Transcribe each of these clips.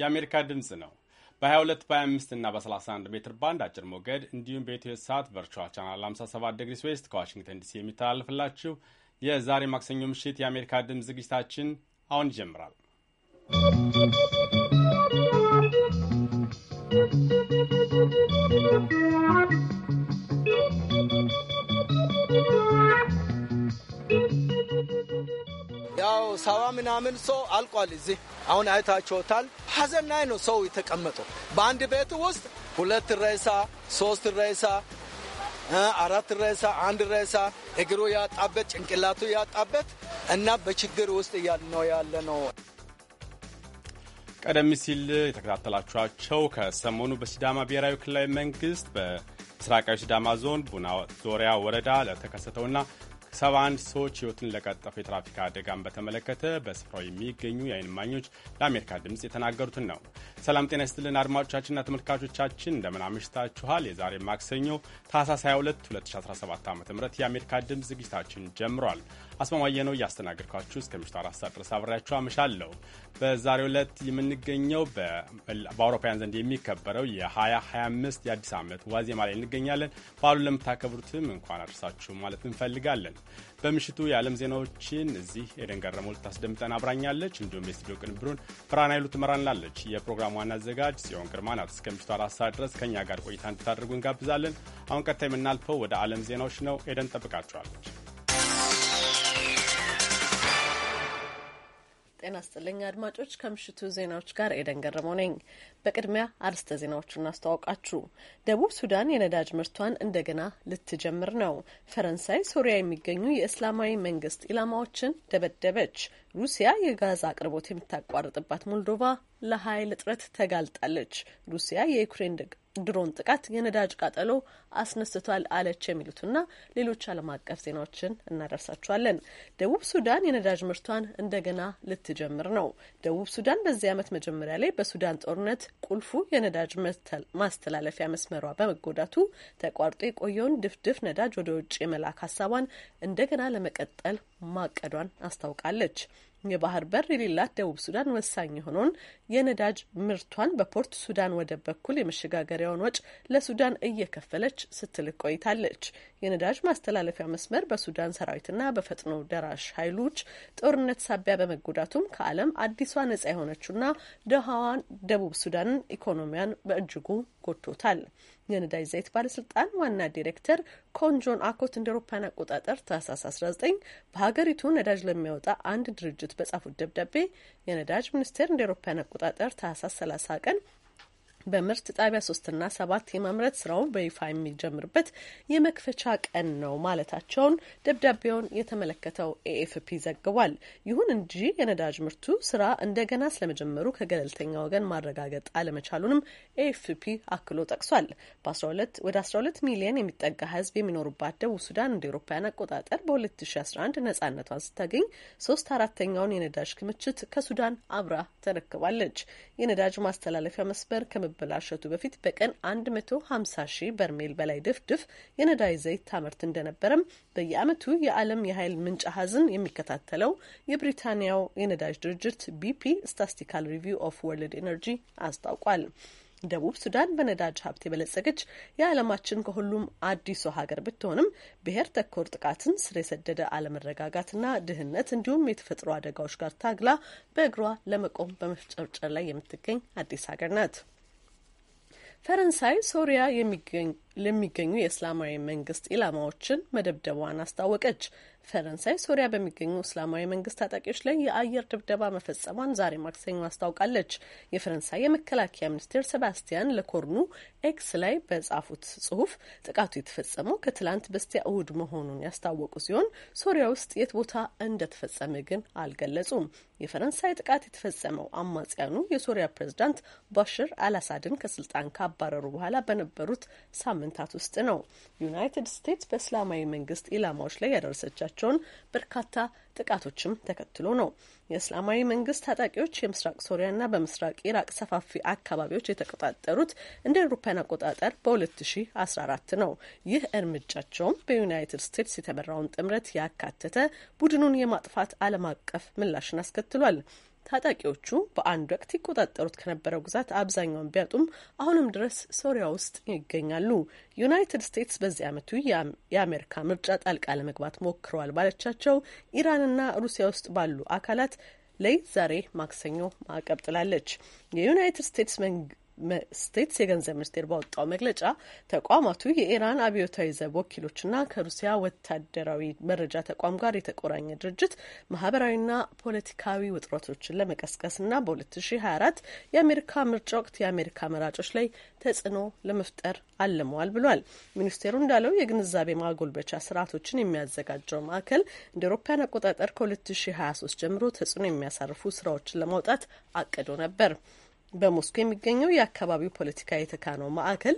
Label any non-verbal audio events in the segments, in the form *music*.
የአሜሪካ ድምፅ ነው። በ22 በ25 እና በ31 ሜትር ባንድ አጭር ሞገድ እንዲሁም በኢትዮ ሰዓት ቨርቹዋል ቻናል 57 ዲግሪ ስዌስት ከዋሽንግተን ዲሲ የሚተላለፍላችሁ የዛሬ ማክሰኞ ምሽት የአሜሪካ ድምፅ ዝግጅታችን አሁን ይጀምራል። ¶¶ ሰባ ምናምን ሰው አልቋል። እዚህ አሁን አይታችሁታል። ሀዘን ላይ ነው ሰው የተቀመጠው። በአንድ ቤት ውስጥ ሁለት ሬሳ፣ ሶስት ሬሳ፣ አራት ሬሳ፣ አንድ ሬሳ እግሩ ያጣበት ጭንቅላቱ ያጣበት እና በችግር ውስጥ ነው ያለ ነው። ቀደም ሲል የተከታተላችኋቸው ከሰሞኑ በሲዳማ ብሔራዊ ክልላዊ መንግስት በምስራቃዊ ሲዳማ ዞን ቡና ዞሪያ ወረዳ ለተከሰተውና ሰባ አንድ ሰዎች ህይወትን ለቀጠፉ የትራፊክ አደጋን በተመለከተ በስፍራው የሚገኙ የአይን ማኞች ለአሜሪካ ድምፅ የተናገሩትን ነው። ሰላም ጤና ይስጥልን አድማጮቻችንና ተመልካቾቻችን እንደምን አምሽታችኋል። የዛሬ ማክሰኞ ታህሳስ 22 2017 ዓ ም የአሜሪካ ድምፅ ዝግጅታችን ጀምሯል። አስማማየ ነው እያስተናገድኳችሁ እስከ ምሽቱ አራት ሰዓት ድረስ አብሬያችሁ አመሻለሁ። በዛሬው ዕለት የምንገኘው በአውሮፓውያን ዘንድ የሚከበረው የ2025 የአዲስ ዓመት ዋዜማ ላይ እንገኛለን። በአሉ ለምታከብሩትም እንኳን አድርሳችሁ ማለት እንፈልጋለን። በምሽቱ የዓለም ዜናዎችን እዚህ ኤደን ገረመው ልታስደምጠን አብራኛለች። እንዲሁም የስቱዲዮ ቅንብሩን ብርሃን ኃይሉ ትመራናለች። የፕሮግራም ዋና አዘጋጅ ጽዮን ግርማ ናት። እስከ ምሽቱ አራት ሰዓት ድረስ ከእኛ ጋር ቆይታ እንድታደርጉ እንጋብዛለን። አሁን ቀጥታ የምናልፈው ወደ ዓለም ዜናዎች ነው። ኤደን ጠብቃችኋለች። ጤና ስጥልኝ አድማጮች፣ ከምሽቱ ዜናዎች ጋር ኤደን ገረመው ነኝ። በቅድሚያ አርዕስተ ዜናዎቹን እናስተዋውቃችሁ። ደቡብ ሱዳን የነዳጅ ምርቷን እንደገና ልትጀምር ነው። ፈረንሳይ ሶሪያ የሚገኙ የእስላማዊ መንግስት ኢላማዎችን ደበደበች። ሩሲያ የጋዛ አቅርቦት የምታቋርጥባት ሞልዶቫ ለኃይል እጥረት ተጋልጣለች። ሩሲያ የዩክሬን ድሮን ጥቃት የነዳጅ ቃጠሎ አስነስቷል አለች የሚሉትና ሌሎች ዓለም አቀፍ ዜናዎችን እናደርሳችኋለን። ደቡብ ሱዳን የነዳጅ ምርቷን እንደገና ልትጀምር ነው። ደቡብ ሱዳን በዚህ ዓመት መጀመሪያ ላይ በሱዳን ጦርነት ቁልፉ የነዳጅ ማስተላለፊያ መስመሯ በመጎዳቱ ተቋርጦ የቆየውን ድፍድፍ ነዳጅ ወደ ውጭ የመላክ ሀሳቧን እንደገና ለመቀጠል ማቀዷን አስታውቃለች። የባህር በር የሌላት ደቡብ ሱዳን ወሳኝ የሆነውን የነዳጅ ምርቷን በፖርት ሱዳን ወደብ በኩል የመሸጋገሪያውን ወጪ ለሱዳን እየከፈለች ስትልቅ ቆይታለች። የነዳጅ ማስተላለፊያ መስመር በሱዳን ሰራዊትና በፈጥኖ ደራሽ ኃይሎች ጦርነት ሳቢያ በመጎዳቱም ከዓለም አዲሷ ነጻ የሆነችውና ደሃዋን ደቡብ ሱዳንን ኢኮኖሚያን በእጅጉ ጎድቶታል። የነዳጅ ዘይት ባለስልጣን ዋና ዲሬክተር ኮንጆን አኮት እንደ አውሮፓውያን አቆጣጠር ታህሳስ 19 በሀገሪቱ ነዳጅ ለሚያወጣ አንድ ድርጅት በጻፉት ደብዳቤ የነዳጅ ሚኒስቴር እንደ አውሮፓውያን አቆጣጠር ታህሳስ 30 ቀን በምርት ጣቢያ ሶስትና ሰባት የማምረት ስራውን በይፋ የሚጀምርበት የመክፈቻ ቀን ነው ማለታቸውን ደብዳቤውን የተመለከተው ኤኤፍፒ ዘግቧል። ይሁን እንጂ የነዳጅ ምርቱ ስራ እንደገና ስለመጀመሩ ከገለልተኛ ወገን ማረጋገጥ አለመቻሉንም ኤኤፍፒ አክሎ ጠቅሷል። በ12 ወደ 12 የሚጠጋ ህዝብ የሚኖሩባት ደቡብ ሱዳን እንደ ኤሮፓውያን አቆጣጠር በ2011 ነጻነቷን ስታገኝ ሶስት አራተኛውን የነዳጅ ክምችት ከሱዳን አብራ ተረክባለች። የነዳጅ ማስተላለፊያ መስበር ከመበላሸቱ በፊት በቀን 150 ሺህ በርሜል በላይ ድፍድፍ የነዳጅ ዘይት ታመርት እንደነበረም በየዓመቱ የዓለም የኃይል ምንጭ ሀዝን የሚከታተለው የብሪታንያው የነዳጅ ድርጅት ቢፒ ስታስቲካል ሪቪው ኦፍ ወርልድ ኤነርጂ አስታውቋል። ደቡብ ሱዳን በነዳጅ ሀብት የበለጸገች የዓለማችን ከሁሉም አዲሱ ሀገር ብትሆንም ብሔር ተኮር ጥቃትን፣ ስር የሰደደ አለመረጋጋትና ድህነት እንዲሁም የተፈጥሮ አደጋዎች ጋር ታግላ በእግሯ ለመቆም በመፍጨርጨር ላይ የምትገኝ አዲስ ሀገር ናት። ፈረንሳይ ሶሪያ ለሚገኙ የእስላማዊ መንግስት ኢላማዎችን መደብደቧን አስታወቀች። ፈረንሳይ ሶሪያ በሚገኙ እስላማዊ መንግስት ታጣቂዎች ላይ የአየር ድብደባ መፈጸሟን ዛሬ ማክሰኞ አስታውቃለች። የፈረንሳይ የመከላከያ ሚኒስቴር ሴባስቲያን ለኮርኑ ኤክስ ላይ በጻፉት ጽሁፍ ጥቃቱ የተፈጸመው ከትላንት በስቲያ እሁድ መሆኑን ያስታወቁ ሲሆን ሶሪያ ውስጥ የት ቦታ እንደተፈጸመ ግን አልገለጹም። የፈረንሳይ ጥቃት የተፈጸመው አማጽያኑ የሶሪያ ፕሬዝዳንት ባሽር አልአሳድን ከስልጣን ካባረሩ በኋላ በነበሩት ሳምንታት ውስጥ ነው። ዩናይትድ ስቴትስ በእስላማዊ መንግስት ኢላማዎች ላይ ያደረሰቻቸውን በርካታ ጥቃቶችም ተከትሎ ነው። የእስላማዊ መንግስት ታጣቂዎች የምስራቅ ሶሪያና በምስራቅ ኢራቅ ሰፋፊ አካባቢዎች የተቆጣጠሩት እንደ አውሮፓውያን አቆጣጠር በ2014 ነው። ይህ እርምጃቸውም በዩናይትድ ስቴትስ የተመራውን ጥምረት ያካተተ ቡድኑን የማጥፋት ዓለም አቀፍ ምላሽን አስከትሏል። ታጣቂዎቹ በአንድ ወቅት ይቆጣጠሩት ከነበረው ግዛት አብዛኛውን ቢያጡም አሁንም ድረስ ሶሪያ ውስጥ ይገኛሉ። ዩናይትድ ስቴትስ በዚህ ዓመቱ የአሜሪካ ምርጫ ጣልቃ ለመግባት ሞክረዋል ባለቻቸው ኢራንና ሩሲያ ውስጥ ባሉ አካላት ላይ ዛሬ ማክሰኞ ማዕቀብ ጥላለች። የዩናይትድ ስቴትስ ስቴትስ የገንዘብ ሚኒስቴር ባወጣው መግለጫ ተቋማቱ የኢራን አብዮታዊ ዘብ ወኪሎችና ከሩሲያ ወታደራዊ መረጃ ተቋም ጋር የተቆራኘ ድርጅት ማህበራዊና ፖለቲካዊ ውጥረቶችን ለመቀስቀስና በ2024 የአሜሪካ ምርጫ ወቅት የአሜሪካ መራጮች ላይ ተጽዕኖ ለመፍጠር አልመዋል ብሏል። ሚኒስቴሩ እንዳለው የግንዛቤ ማጎልበቻ ስርዓቶችን የሚያዘጋጀው ማዕከል እንደ አውሮፓውያን አቆጣጠር ከ2023 ጀምሮ ተጽዕኖ የሚያሳርፉ ስራዎችን ለማውጣት አቅዶ ነበር። በሞስኮ የሚገኘው የአካባቢው ፖለቲካ የተካነው ማዕከል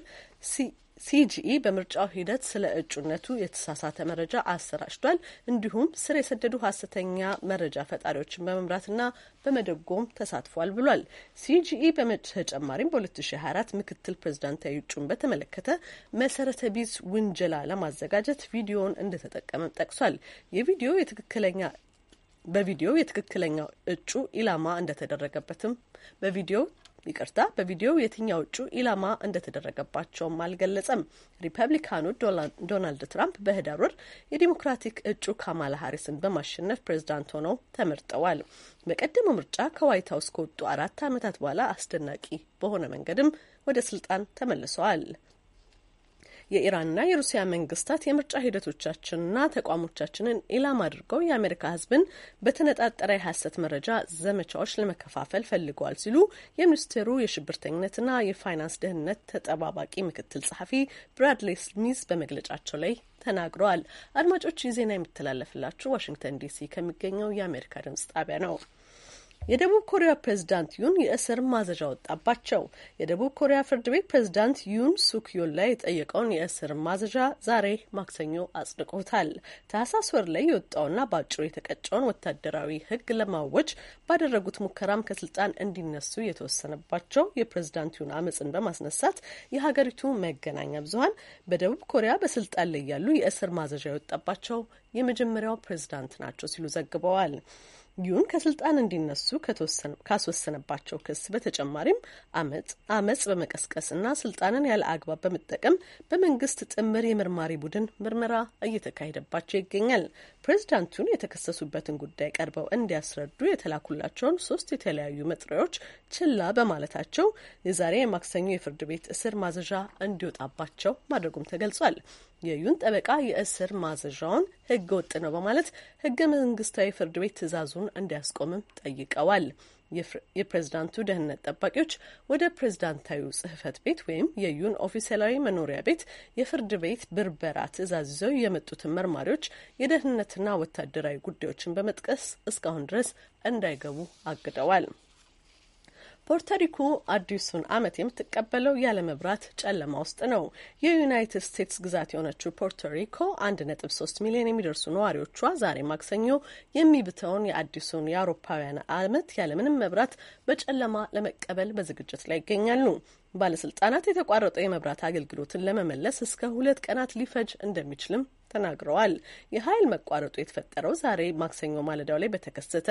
ሲጂኢ በምርጫው ሂደት ስለ እጩነቱ የተሳሳተ መረጃ አሰራጭቷል፣ እንዲሁም ስር የሰደዱ ሀሰተኛ መረጃ ፈጣሪዎችን በመምራትና በመደጎም ተሳትፏል ብሏል። ሲጂኢ በተጨማሪም በ2024 ምክትል ፕሬዚዳንታዊ እጩን በተመለከተ መሰረተ ቢስ ውንጀላ ለማዘጋጀት ቪዲዮውን እንደተጠቀመም ጠቅሷል። የቪዲዮ የትክክለኛ በቪዲዮ የትክክለኛው እጩ ኢላማ እንደተደረገበትም በቪዲዮ ይቅርታ በቪዲዮ የትኛው እጩ ኢላማ እንደተደረገባቸውም አልገለጸም። ሪፐብሊካኑ ዶናልድ ትራምፕ በህዳር ወር የዲሞክራቲክ እጩ ካማላ ሀሪስን በማሸነፍ ፕሬዝዳንት ሆነው ተመርጠዋል። በቀደመው ምርጫ ከዋይት ሀውስ ከወጡ አራት ዓመታት በኋላ አስደናቂ በሆነ መንገድም ወደ ስልጣን ተመልሰዋል። የኢራንና የሩሲያ መንግስታት የምርጫ ሂደቶቻችንና ተቋሞቻችንን ኢላማ አድርገው የአሜሪካ ህዝብን በተነጣጠረ የሀሰት መረጃ ዘመቻዎች ለመከፋፈል ፈልገዋል ሲሉ የሚኒስቴሩ የሽብርተኝነትና የፋይናንስ ደህንነት ተጠባባቂ ምክትል ጸሐፊ ብራድሌ ስሚዝ በመግለጫቸው ላይ ተናግረዋል። አድማጮች ይህ ዜና የሚተላለፍላችሁ ዋሽንግተን ዲሲ ከሚገኘው የአሜሪካ ድምጽ ጣቢያ ነው። የደቡብ ኮሪያ ፕሬዝዳንት ዩን የእስር ማዘዣ ወጣባቸው። የደቡብ ኮሪያ ፍርድ ቤት ፕሬዝዳንት ዩን ሱክዮን ላይ የጠየቀውን የእስር ማዘዣ ዛሬ ማክሰኞ አጽድቆታል። ታህሳስ ወር ላይ የወጣውና በአጭሩ የተቀጨውን ወታደራዊ ሕግ ለማወጅ ባደረጉት ሙከራም ከስልጣን እንዲነሱ የተወሰነባቸው የፕሬዝዳንት ዩን አመፅን በማስነሳት የሀገሪቱ መገናኛ ብዙኃን በደቡብ ኮሪያ በስልጣን ላይ ያሉ የእስር ማዘዣ የወጣባቸው የመጀመሪያው ፕሬዝዳንት ናቸው ሲሉ ዘግበዋል። ጊዩን ከስልጣን እንዲነሱ ካስወሰነባቸው ክስ በተጨማሪም አመጽ በመቀስቀስ እና ስልጣንን ያለ አግባብ በመጠቀም በመንግስት ጥምር የመርማሪ ቡድን ምርመራ እየተካሄደባቸው ይገኛል። ፕሬዚዳንቱን የተከሰሱበትን ጉዳይ ቀርበው እንዲያስረዱ የተላኩላቸውን ሶስት የተለያዩ መጥሪያዎች ችላ በማለታቸው የዛሬ የማክሰኞ የፍርድ ቤት እስር ማዘዣ እንዲወጣባቸው ማድረጉም ተገልጿል። የዩን ጠበቃ የእስር ማዘዣውን ህገ ወጥ ነው በማለት ህገ መንግስታዊ ፍርድ ቤት ትዕዛዙን እንዲያስቆምም ጠይቀዋል። የፕሬዝዳንቱ ደህንነት ጠባቂዎች ወደ ፕሬዝዳንታዊ ጽህፈት ቤት ወይም የዩን ኦፊሴላዊ መኖሪያ ቤት የፍርድ ቤት ብርበራ ትዕዛዝ ይዘው የመጡትን መርማሪዎች የደህንነትና ወታደራዊ ጉዳዮችን በመጥቀስ እስካሁን ድረስ እንዳይገቡ አግደዋል። ፖርቶሪኮ አዲሱን ዓመት የምትቀበለው ያለ መብራት ጨለማ ውስጥ ነው። የዩናይትድ ስቴትስ ግዛት የሆነችው ፖርቶሪኮ አንድ ነጥብ ሶስት ሚሊዮን የሚደርሱ ነዋሪዎቿ ዛሬ ማክሰኞ የሚብተውን የአዲሱን የአውሮፓውያን ዓመት ያለምንም መብራት በጨለማ ለመቀበል በዝግጅት ላይ ይገኛሉ። ባለስልጣናት የተቋረጠ የመብራት አገልግሎትን ለመመለስ እስከ ሁለት ቀናት ሊፈጅ እንደሚችልም ተናግረዋል። የኃይል መቋረጡ የተፈጠረው ዛሬ ማክሰኞ ማለዳው ላይ በተከሰተ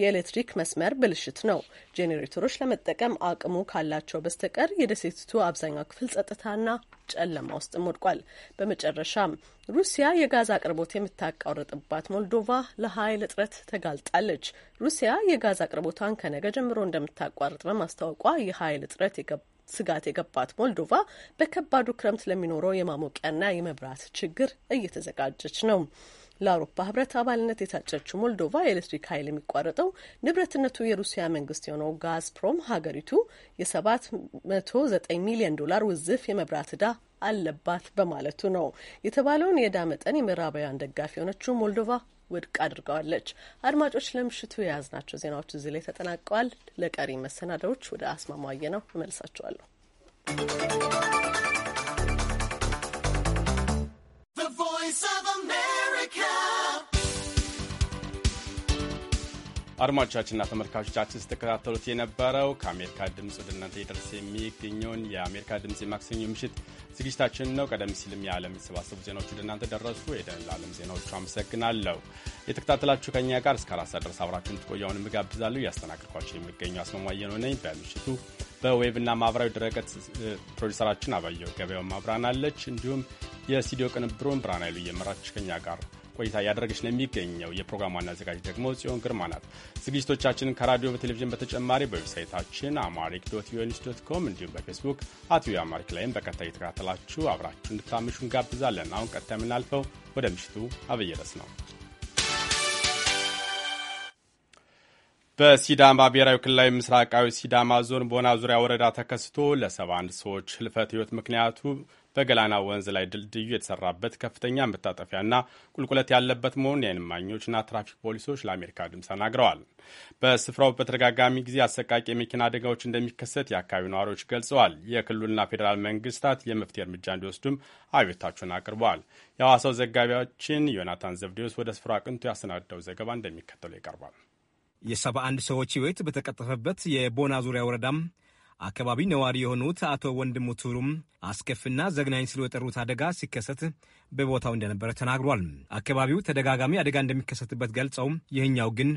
የኤሌክትሪክ መስመር ብልሽት ነው። ጄኔሬተሮች ለመጠቀም አቅሙ ካላቸው በስተቀር የደሴቲቱ አብዛኛው ክፍል ጸጥታና ጨለማ ውስጥ ወድቋል። በመጨረሻም ሩሲያ የጋዝ አቅርቦት የምታቋርጥባት ሞልዶቫ ለኃይል እጥረት ተጋልጣለች። ሩሲያ የጋዝ አቅርቦቷን ከነገ ጀምሮ እንደምታቋርጥ በማስታወቋ የኃይል እጥረት ስጋት የገባት ሞልዶቫ በከባዱ ክረምት ለሚኖረው የማሞቂያና የመብራት ችግር እየተዘጋጀች ነው። ለአውሮፓ ህብረት አባልነት የታጨችው ሞልዶቫ የኤሌክትሪክ ኃይል የሚቋረጠው ንብረትነቱ የሩሲያ መንግስት የሆነው ጋዝፕሮም ሀገሪቱ የሰባት መቶ ዘጠኝ ሚሊዮን ዶላር ውዝፍ የመብራት እዳ አለባት በማለቱ ነው የተባለውን የዳ መጠን የምዕራባውያን ደጋፊ የሆነችው ሞልዶቫ ውድቅ አድርገዋለች። አድማጮች ለምሽቱ የያዝናቸው ዜናዎች እዚህ ላይ ተጠናቀዋል። ለቀሪ መሰናዳዎች ወደ አስማማየ ነው you. አድማጮቻችንና ተመልካቾቻችን ስተከታተሉት የነበረው ከአሜሪካ ድምፅ ወደ እናንተ የደረሰ የሚገኘውን የአሜሪካ ድምፅ የማክሰኞ ምሽት ዝግጅታችን ነው። ቀደም ሲልም የዓለም የተሰባሰቡ ዜናዎች ወደ እናንተ ደረሱ። የደን ለዓለም ዜናዎቹ አመሰግናለሁ። የተከታተላችሁ ከኛ ጋር እስከ አራት ሰዓት ድረስ አብራችሁን ትቆያውን እጋብዛለሁ። ያስተናግድኳቸው የሚገኘው አስማማየ ነው ነኝ። በምሽቱ በዌብና ማህበራዊ ድረገጽ ፕሮዲሰራችን አባየው ገበያው ማብራናለች። እንዲሁም የስቱዲዮ ቅንብሩን ብርሃን ኃይሉ እየመራች ከኛ ጋር ቆይታ እያደረገች ነው የሚገኘው። የፕሮግራም ዋና አዘጋጅ ደግሞ ጽዮን ግርማ ናት። ዝግጅቶቻችን ከራዲዮ በቴሌቪዥን በተጨማሪ በዌብሳይታችን አማሪክ ዶት ዩኒስ ዶት ኮም እንዲሁም በፌስቡክ አት ቪኦኤ አማሪክ ላይም በቀጥታ እየተከታተላችሁ አብራችሁ እንድታመሹ እንጋብዛለን። አሁን ቀጥታ የምናልፈው ወደ ምሽቱ አብይ ርዕስ ነው። በሲዳማ ብሔራዊ ክልላዊ ምስራቃዊ ሲዳማ ዞን ቦና ዙሪያ ወረዳ ተከስቶ ለ71 ሰዎች ህልፈት ህይወት ምክንያቱ በገላና ወንዝ ላይ ድልድዩ የተሰራበት ከፍተኛ መታጠፊያና ቁልቁለት ያለበት መሆኑን የዓይን እማኞችና ትራፊክ ፖሊሶች ለአሜሪካ ድምፅ ተናግረዋል። በስፍራው በተደጋጋሚ ጊዜ አሰቃቂ የመኪና አደጋዎች እንደሚከሰት የአካባቢው ነዋሪዎች ገልጸዋል። የክልሉና ፌዴራል መንግስታት የመፍትሄ እርምጃ እንዲወስዱም አቤታቸውን አቅርበዋል። የሐዋሳው ዘጋቢያችን ዮናታን ዘብዴዎስ ወደ ስፍራው አቅንቶ ያሰናዳው ዘገባ እንደሚከተለው ይቀርባል። የሰባ አንድ ሰዎች ህይወት በተቀጠፈበት የቦና ዙሪያ ወረዳም አካባቢ ነዋሪ የሆኑት አቶ ወንድሙ ቱሩም አስከፊና ዘግናኝ ሲሉ የጠሩት አደጋ ሲከሰት በቦታው እንደነበረ ተናግሯል። አካባቢው ተደጋጋሚ አደጋ እንደሚከሰትበት ገልጸው ይህኛው ግን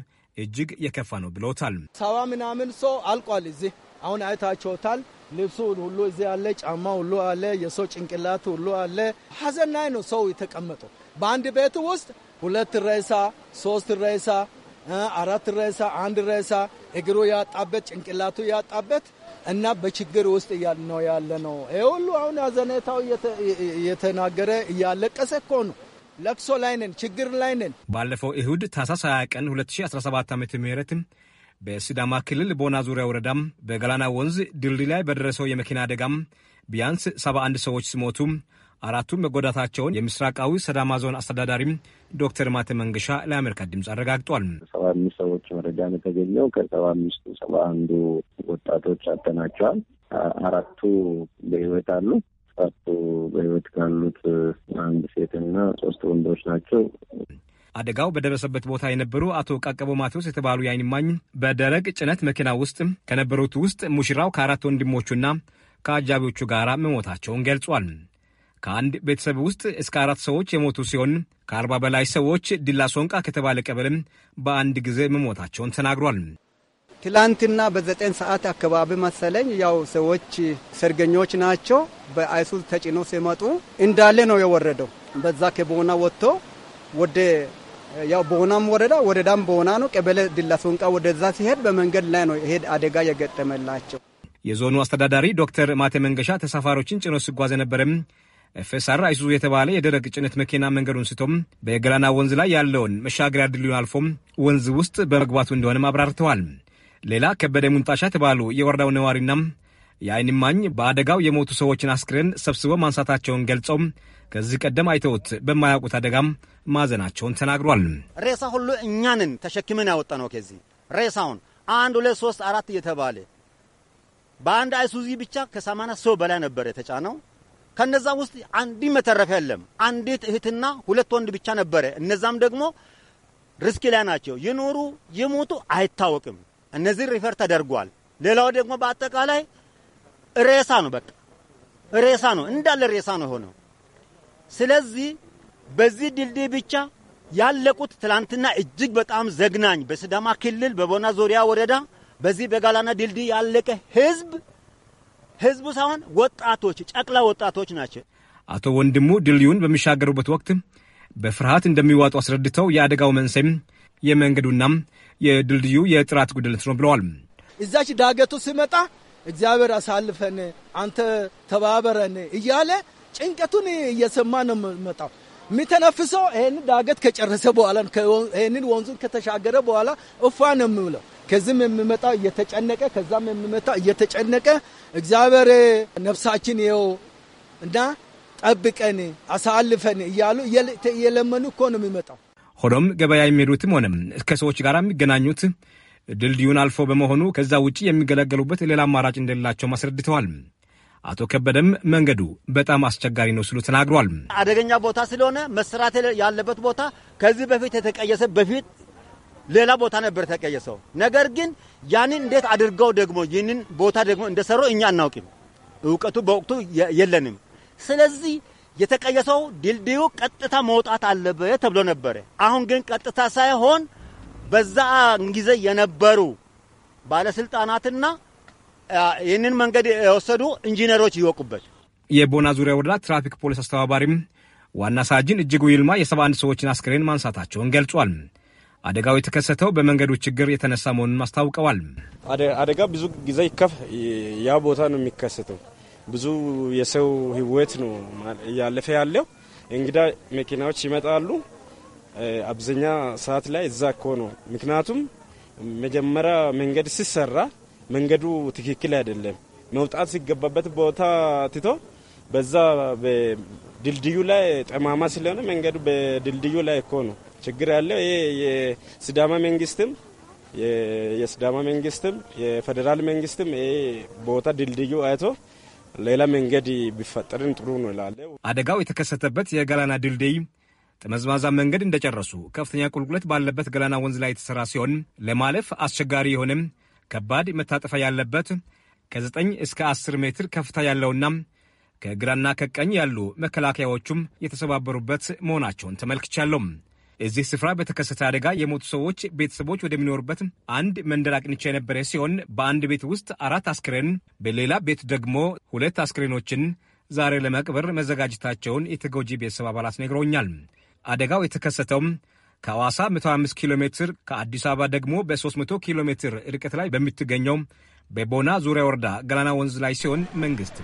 እጅግ የከፋ ነው ብለውታል። ሰባ ምናምን ሰው አልቋል። እዚህ አሁን አይታችሁታል። ልብሱ ሁሉ እዚህ አለ፣ ጫማ ሁሉ አለ፣ የሰው ጭንቅላት ሁሉ አለ። ሀዘን ላይ ነው ሰው የተቀመጠው። በአንድ ቤት ውስጥ ሁለት ሬሳ፣ ሶስት ሬሳ፣ አራት ሬሳ፣ አንድ ሬሳ እግሩ ያጣበት ጭንቅላቱ ያጣበት እና በችግር ውስጥ ነው ያለ ነው። ይሄ ሁሉ አሁን አዘኔታው እየተናገረ እያለቀሰ እኮ ነው። ለቅሶ ላይ ነን፣ ችግር ላይ ነን። ባለፈው እሁድ ታህሳስ 20 ቀን 2017 ዓ ም በሲዳማ ክልል ቦና ዙሪያ ወረዳም በገላና ወንዝ ድልድይ ላይ በደረሰው የመኪና አደጋም ቢያንስ 71 ሰዎች ሲሞቱ አራቱም መጎዳታቸውን የምስራቃዊ ሰዳማ ዞን አስተዳዳሪም ዶክተር ማተ መንገሻ ለአሜሪካ ድምፅ አረጋግጧል። ሰባ አምስት ሰዎች መረጃ ነው የተገኘው። ከሰባ አምስቱ ሰባ አንዱ ወጣቶች አተናቸዋል። አራቱ በህይወት አሉ። አራቱ በህይወት ካሉት አንድ ሴትና ሶስት ወንዶች ናቸው። አደጋው በደረሰበት ቦታ የነበሩ አቶ ቃቀቦ ማቴዎስ የተባሉ የዓይን እማኝ በደረቅ ጭነት መኪና ውስጥ ከነበሩት ውስጥ ሙሽራው ከአራት ወንድሞቹና ከአጃቢዎቹ ጋር መሞታቸውን ገልጿል። ከአንድ ቤተሰብ ውስጥ እስከ አራት ሰዎች የሞቱ ሲሆን ከአርባ በላይ ሰዎች ሶንቃ ከተባለ ቀበሌም በአንድ ጊዜ መሞታቸውን ተናግሯል። ትላንትና በዘጠኝ ሰዓት አካባቢ መሰለኝ ያው ሰዎች ሰርገኞች ናቸው። በአይሱዝ ተጭኖ ሲመጡ እንዳለ ነው የወረደው። በዛ ከቦና ወጥቶ ወደ ያው ቦናም ወረዳ ወረዳም ቦና ነው ቀበሌ ሶንቃ ወደዛ ሲሄድ በመንገድ ላይ ነው ይሄድ አደጋ የገጠመላቸው። የዞኑ አስተዳዳሪ ዶክተር ማቴ መንገሻ ተሳፋሪዎችን ጭኖ ሲጓዝ የነበረም ኤፍኤስአር አይሱዙ የተባለ የደረቅ ጭነት መኪና መንገዱን ስቶም በገላና ወንዝ ላይ ያለውን መሻገሪያ ድልድዩን አልፎም ወንዝ ውስጥ በመግባቱ እንደሆነም አብራርተዋል። ሌላ ከበደ ሙንጣሻ የተባሉ የወረዳው ነዋሪና የአይን እማኝ በአደጋው የሞቱ ሰዎችን አስክሬን ሰብስበው ማንሳታቸውን ገልጸው ከዚህ ቀደም አይተውት በማያውቁት አደጋም ማዘናቸውን ተናግሯል። ሬሳ ሁሉ እኛንን ተሸክመን ያወጣ ነው። ከዚህ ሬሳውን አንድ ሁለት ሶስት አራት እየተባለ በአንድ አይሱዚ ብቻ ከሰማንያ ሰው በላይ ነበር የተጫነው። ከነዛ ውስጥ አንድ መተረፍ የለም። አንዲት እህትና ሁለት ወንድ ብቻ ነበረ። እነዛም ደግሞ ሪስክ ላይ ናቸው። ይኖሩ ይሞቱ አይታወቅም። እነዚህ ሪፈር ተደርጓል። ሌላው ደግሞ በአጠቃላይ ሬሳ ነው። በቃ ሬሳ ነው እንዳለ ሬሳ ነው የሆነው። ስለዚህ በዚህ ድልድይ ብቻ ያለቁት ትላንትና እጅግ በጣም ዘግናኝ በስዳማ ክልል በቦና ዙሪያ ወረዳ በዚህ በጋላና ድልድይ ያለቀ ህዝብ ህዝቡ ሳይሆን ወጣቶች፣ ጨቅላ ወጣቶች ናቸው። አቶ ወንድሙ ድልድዩን በሚሻገሩበት ወቅት በፍርሃት እንደሚዋጡ አስረድተው የአደጋው መንስኤም የመንገዱና የድልድዩ የጥራት ጉድለት ነው ብለዋል። እዛች ዳገቱ ሲመጣ እግዚአብሔር አሳልፈን አንተ ተባበረን እያለ ጭንቀቱን እየሰማ ነው የምመጣው። የሚተነፍሰው ይህን ዳገት ከጨረሰ በኋላ ይህንን ወንዙን ከተሻገረ በኋላ እፋ ነው የምብለው። ከዚህም የሚመጣ እየተጨነቀ ከዛም የሚመጣ እየተጨነቀ እግዚአብሔር ነፍሳችን ይኸው እና ጠብቀን አሳልፈን እያሉ እየለመኑ እኮ ነው የሚመጣው። ሆኖም ገበያ የሚሄዱትም ሆነም ከሰዎች ጋር የሚገናኙት ድልድዩን አልፎ በመሆኑ ከዛ ውጭ የሚገለገሉበት ሌላ አማራጭ እንደሌላቸው አስረድተዋል። አቶ ከበደም መንገዱ በጣም አስቸጋሪ ነው ሲሉ ተናግሯል። አደገኛ ቦታ ስለሆነ መሰራት ያለበት ቦታ ከዚህ በፊት የተቀየሰ በፊት ሌላ ቦታ ነበር ተቀየሰው። ነገር ግን ያንን እንዴት አድርገው ደግሞ ይህንን ቦታ ደግሞ እንደሰሩ እኛ አናውቅም፣ እውቀቱ በወቅቱ የለንም። ስለዚህ የተቀየሰው ድልድዩ ቀጥታ መውጣት አለበት ተብሎ ነበረ። አሁን ግን ቀጥታ ሳይሆን በዛ ጊዜ የነበሩ ባለስልጣናትና ይህንን መንገድ የወሰዱ ኢንጂነሮች ይወቁበት። የቦና ዙሪያ ወረዳ ትራፊክ ፖሊስ አስተባባሪም ዋና ሳጅን እጅጉ ይልማ የሰባ አንድ ሰዎችን አስክሬን ማንሳታቸውን ገልጿል። አደጋው የተከሰተው በመንገዱ ችግር የተነሳ መሆኑን አስታውቀዋል። አደጋ ብዙ ጊዜ ያ ቦታ ነው የሚከሰተው። ብዙ የሰው ህይወት ነው እያለፈ ያለው። እንግዳ መኪናዎች ይመጣሉ። አብዛኛ ሰዓት ላይ እዛ እኮ ነው። ምክንያቱም መጀመሪያ መንገድ ሲሰራ መንገዱ ትክክል አይደለም። መውጣት ሲገባበት ቦታ ትቶ በዛ በድልድዩ ላይ ጠማማ ስለሆነ መንገዱ በድልድዩ ላይ እኮ ነው ችግር ያለው ይሄ የስዳማ መንግስትም የስዳማ መንግስትም የፌዴራል መንግስትም ይሄ ቦታ ድልድዩ አይቶ ሌላ መንገድ ቢፈጠርን ጥሩ ነው ይላለ። አደጋው የተከሰተበት የገላና ድልድይ ጠመዝማዛ መንገድ እንደጨረሱ ከፍተኛ ቁልቁለት ባለበት ገላና ወንዝ ላይ የተሰራ ሲሆን ለማለፍ አስቸጋሪ የሆነም ከባድ መታጠፊያ ያለበት ከ9 እስከ 10 ሜትር ከፍታ ያለውና ከግራና ከቀኝ ያሉ መከላከያዎቹም የተሰባበሩበት መሆናቸውን ተመልክቻለሁ። እዚህ ስፍራ በተከሰተ አደጋ የሞቱ ሰዎች ቤተሰቦች ወደሚኖሩበት አንድ መንደር አቅንቻ የነበረ ሲሆን በአንድ ቤት ውስጥ አራት አስክሬን፣ በሌላ ቤት ደግሞ ሁለት አስክሬኖችን ዛሬ ለመቅበር መዘጋጀታቸውን የተጎጂ ቤተሰብ አባላት ነግረውኛል። አደጋው የተከሰተውም ከሐዋሳ 105 ኪሎ ሜትር ከአዲስ አበባ ደግሞ በ300 ኪሎ ሜትር ርቀት ላይ በምትገኘው በቦና ዙሪያ ወረዳ ገላና ወንዝ ላይ ሲሆን መንግሥት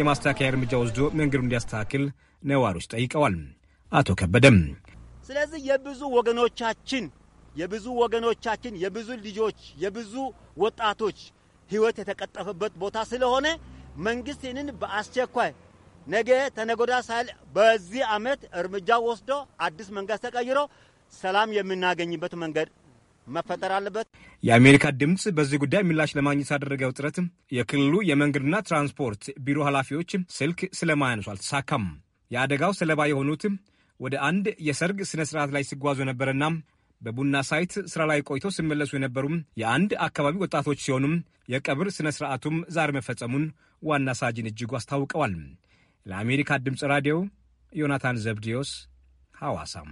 የማስተካከያ እርምጃ ወስዶ መንገዱ እንዲያስተካክል ነዋሪዎች ጠይቀዋል። አቶ ከበደም ስለዚህ የብዙ ወገኖቻችን የብዙ ወገኖቻችን የብዙ ልጆች የብዙ ወጣቶች ህይወት የተቀጠፈበት ቦታ ስለሆነ መንግስት ይህንን በአስቸኳይ ነገ ተነጎዳ ሳይል በዚህ አመት እርምጃ ወስዶ አዲስ መንገድ ተቀይሮ ሰላም የምናገኝበት መንገድ መፈጠር አለበት። የአሜሪካ ድምፅ በዚህ ጉዳይ ምላሽ ለማግኘት ያደረገው ጥረት የክልሉ የመንገድና ትራንስፖርት ቢሮ ኃላፊዎች ስልክ ስለማያነሱ አልተሳካም። የአደጋው ሰለባ የሆኑት ወደ አንድ የሰርግ ስነ ስርዓት ላይ ሲጓዙ የነበረና በቡና ሳይት ስራ ላይ ቆይቶ ሲመለሱ የነበሩም የአንድ አካባቢ ወጣቶች ሲሆኑም የቀብር ስነ ስርዓቱም ዛሬ መፈጸሙን ዋና ሳጅን እጅጉ አስታውቀዋል። ለአሜሪካ ድምፅ ራዲዮ ዮናታን ዘብዲዮስ ሐዋሳም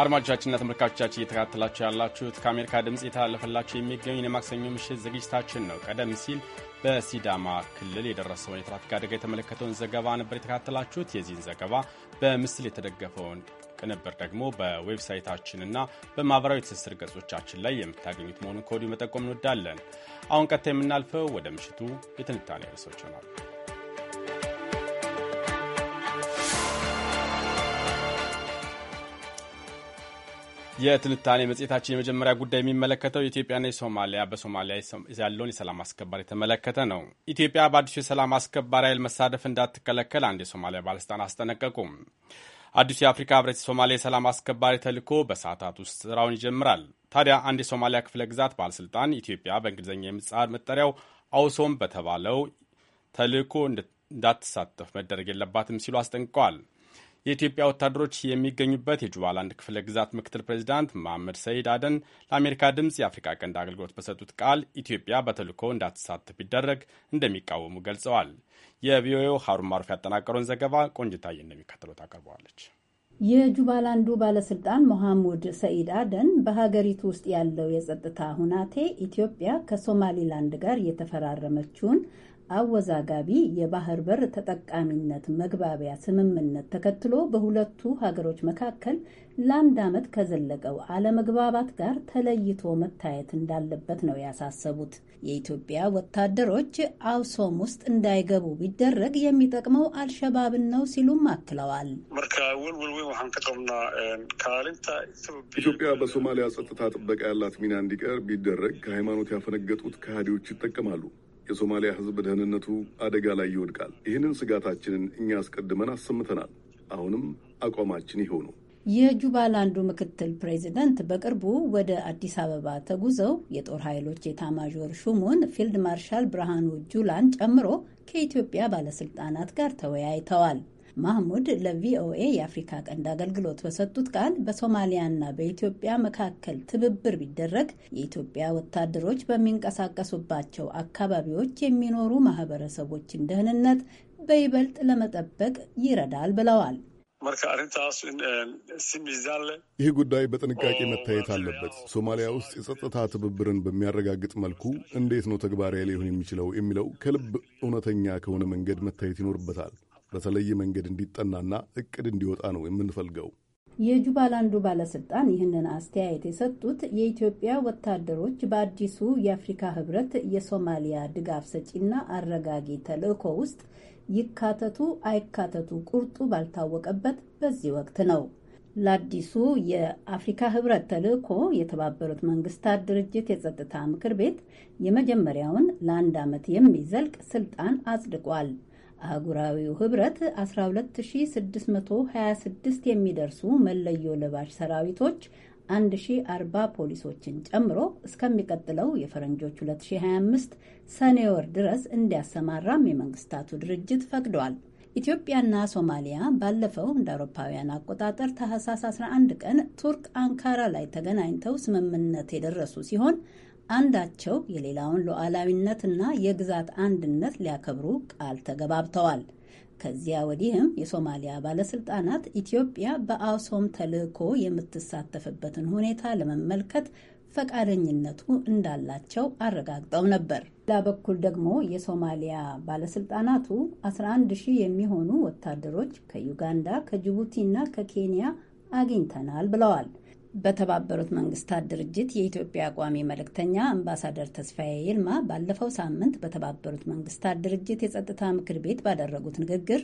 አድማጮቻችንና ተመልካቾቻችን እየተከታተላችሁ ያላችሁት ከአሜሪካ ድምፅ የተላለፈላችሁ የሚገኙ የማክሰኞ ምሽት ዝግጅታችን ነው። ቀደም ሲል በሲዳማ ክልል የደረሰውን የትራፊክ አደጋ የተመለከተውን ዘገባ ነበር የተከታተላችሁት። የዚህን ዘገባ በምስል የተደገፈውን ቅንብር ደግሞ በዌብሳይታችንና በማህበራዊ ትስስር ገጾቻችን ላይ የምታገኙት መሆኑን ከወዲሁ መጠቆም እንወዳለን። አሁን ቀጥታ የምናልፈው ወደ ምሽቱ የትንታኔ ርዕሶች ይሆናል። የትንታኔ መጽሔታችን የመጀመሪያ ጉዳይ የሚመለከተው የኢትዮጵያና የሶማሊያ በሶማሊያ ያለውን የሰላም አስከባሪ የተመለከተ ነው። ኢትዮጵያ በአዲሱ የሰላም አስከባሪ ኃይል መሳደፍ እንዳትከለከል አንድ የሶማሊያ ባለስልጣን አስጠነቀቁ። አዲሱ የአፍሪካ ህብረት የሶማሊያ የሰላም አስከባሪ ተልዕኮ በሰዓታት ውስጥ ስራውን ይጀምራል። ታዲያ አንድ የሶማሊያ ክፍለ ግዛት ባለስልጣን ኢትዮጵያ በእንግሊዝኛ የምጽሐር መጠሪያው አውሶም በተባለው ተልኮ እንዳትሳተፍ መደረግ የለባትም ሲሉ አስጠንቅቀዋል። የኢትዮጵያ ወታደሮች የሚገኙበት የጁባላንድ ክፍለ ግዛት ምክትል ፕሬዚዳንት መሐመድ ሰይድ አደን ለአሜሪካ ድምፅ የአፍሪካ ቀንድ አገልግሎት በሰጡት ቃል ኢትዮጵያ በተልዕኮ እንዳትሳተፍ ቢደረግ እንደሚቃወሙ ገልጸዋል። የቪኦኤው ሀሩን ማሩፍ ያጠናቀረውን ዘገባ ቆንጅታዬ እንደሚከተለው ታቀርበዋለች። የጁባላንዱ ባለስልጣን ሞሐሙድ ሰኢድ አደን በሀገሪቱ ውስጥ ያለው የጸጥታ ሁናቴ ኢትዮጵያ ከሶማሊላንድ ጋር የተፈራረመችውን አወዛጋቢ የባህር በር ተጠቃሚነት መግባቢያ ስምምነት ተከትሎ በሁለቱ ሀገሮች መካከል ለአንድ ዓመት ከዘለቀው አለመግባባት ጋር ተለይቶ መታየት እንዳለበት ነው ያሳሰቡት። የኢትዮጵያ ወታደሮች አውሶም ውስጥ እንዳይገቡ ቢደረግ የሚጠቅመው አልሸባብን ነው ሲሉም አክለዋል። ኢትዮጵያ በሶማሊያ ጸጥታ ጥበቃ ያላት ሚና እንዲቀር ቢደረግ ከሃይማኖት ያፈነገጡት ከሃዲዎች ይጠቀማሉ። የሶማሊያ ህዝብ ደህንነቱ አደጋ ላይ ይወድቃል። ይህንን ስጋታችንን እኛ አስቀድመን አሰምተናል። አሁንም አቋማችን ይኸው ነው። የጁባላንዱ ምክትል ፕሬዚደንት በቅርቡ ወደ አዲስ አበባ ተጉዘው የጦር ኃይሎች የታማዦር ሹሙን ፊልድ ማርሻል ብርሃኑ ጁላን ጨምሮ ከኢትዮጵያ ባለስልጣናት ጋር ተወያይተዋል። ማህሙድ ለቪኦኤ የአፍሪካ ቀንድ አገልግሎት በሰጡት ቃል በሶማሊያና በኢትዮጵያ መካከል ትብብር ቢደረግ የኢትዮጵያ ወታደሮች በሚንቀሳቀሱባቸው አካባቢዎች የሚኖሩ ማህበረሰቦችን ደህንነት በይበልጥ ለመጠበቅ ይረዳል ብለዋል። ይህ ጉዳይ በጥንቃቄ መታየት አለበት። ሶማሊያ ውስጥ የጸጥታ ትብብርን በሚያረጋግጥ መልኩ እንዴት ነው ተግባራዊ ሊሆን የሚችለው የሚለው ከልብ እውነተኛ ከሆነ መንገድ መታየት ይኖርበታል። በተለየ መንገድ እንዲጠናና እቅድ እንዲወጣ ነው የምንፈልገው። የጁባላንዱ ባለስልጣን ይህንን አስተያየት የሰጡት የኢትዮጵያ ወታደሮች በአዲሱ የአፍሪካ ህብረት የሶማሊያ ድጋፍ ሰጪና አረጋጊ ተልዕኮ ውስጥ ይካተቱ አይካተቱ ቁርጡ ባልታወቀበት በዚህ ወቅት ነው። ለአዲሱ የአፍሪካ ህብረት ተልዕኮ የተባበሩት መንግስታት ድርጅት የጸጥታ ምክር ቤት የመጀመሪያውን ለአንድ ዓመት የሚዘልቅ ስልጣን አጽድቋል። አህጉራዊው ህብረት 12626 የሚደርሱ መለዮ ለባሽ ሰራዊቶች 1040 ፖሊሶችን ጨምሮ እስከሚቀጥለው የፈረንጆች 2025 ሰኔ ወር ድረስ እንዲያሰማራም የመንግስታቱ ድርጅት ፈቅዷል። ኢትዮጵያና ሶማሊያ ባለፈው እንደ አውሮፓውያን አቆጣጠር ታህሳስ 11 ቀን ቱርክ አንካራ ላይ ተገናኝተው ስምምነት የደረሱ ሲሆን አንዳቸው የሌላውን ሉዓላዊነትና የግዛት አንድነት ሊያከብሩ ቃል ተገባብተዋል። ከዚያ ወዲህም የሶማሊያ ባለስልጣናት ኢትዮጵያ በአሶም ተልዕኮ የምትሳተፍበትን ሁኔታ ለመመልከት ፈቃደኝነቱ እንዳላቸው አረጋግጠው ነበር። ሌላ በኩል ደግሞ የሶማሊያ ባለስልጣናቱ 11 ሺህ የሚሆኑ ወታደሮች ከዩጋንዳ፣ ከጅቡቲ እና ከኬንያ አግኝተናል ብለዋል። በተባበሩት መንግስታት ድርጅት የኢትዮጵያ ቋሚ መልእክተኛ አምባሳደር ተስፋዬ ይልማ ባለፈው ሳምንት በተባበሩት መንግስታት ድርጅት የጸጥታ ምክር ቤት ባደረጉት ንግግር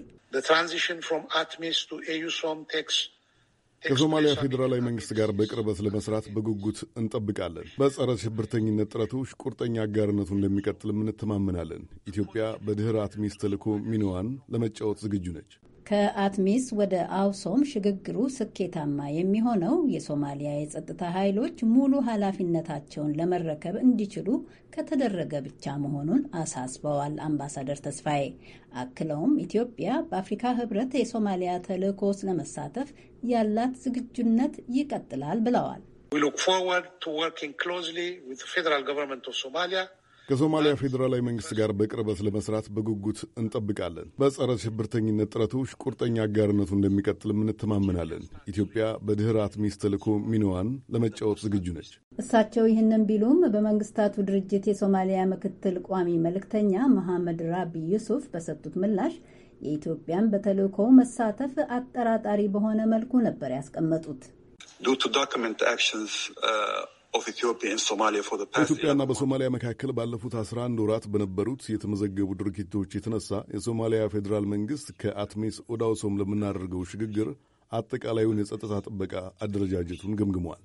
ከሶማሊያ ፌዴራላዊ መንግስት ጋር በቅርበት ለመስራት በጉጉት እንጠብቃለን። በጸረ ሽብርተኝነት ጥረቱ ቁርጠኛ አጋርነቱ እንደሚቀጥልም እንተማመናለን። ኢትዮጵያ በድኅረ አትሚስ ተልዕኮ ሚናዋን ለመጫወት ዝግጁ ነች። ከአትሚስ ወደ አውሶም ሽግግሩ ስኬታማ የሚሆነው የሶማሊያ የጸጥታ ኃይሎች ሙሉ ኃላፊነታቸውን ለመረከብ እንዲችሉ ከተደረገ ብቻ መሆኑን አሳስበዋል አምባሳደር ተስፋዬ። አክለውም ኢትዮጵያ በአፍሪካ ሕብረት የሶማሊያ ተልዕኮ ውስጥ ለመሳተፍ ያላት ዝግጁነት ይቀጥላል ብለዋል። ከሶማሊያ ፌዴራላዊ መንግስት ጋር በቅርበት ለመስራት በጉጉት እንጠብቃለን። በጸረ ሽብርተኝነት ጥረቱ ቁርጠኛ አጋርነቱ እንደሚቀጥልም እንተማመናለን። ኢትዮጵያ በድኅረ አትሚስ ተልዕኮ ሚናዋን ለመጫወት ዝግጁ ነች። እሳቸው ይህንን ቢሉም በመንግስታቱ ድርጅት የሶማሊያ ምክትል ቋሚ መልእክተኛ መሐመድ ራቢ ዩሱፍ በሰጡት ምላሽ የኢትዮጵያን በተልዕኮው መሳተፍ አጠራጣሪ በሆነ መልኩ ነበር ያስቀመጡት። በኢትዮጵያና በሶማሊያ መካከል ባለፉት 11 ወራት በነበሩት የተመዘገቡ ድርጊቶች የተነሳ የሶማሊያ ፌዴራል መንግስት ከአትሚስ ኦዳውሶም ለምናደርገው ሽግግር አጠቃላዩን የጸጥታ ጥበቃ አደረጃጀቱን ገምግሟል።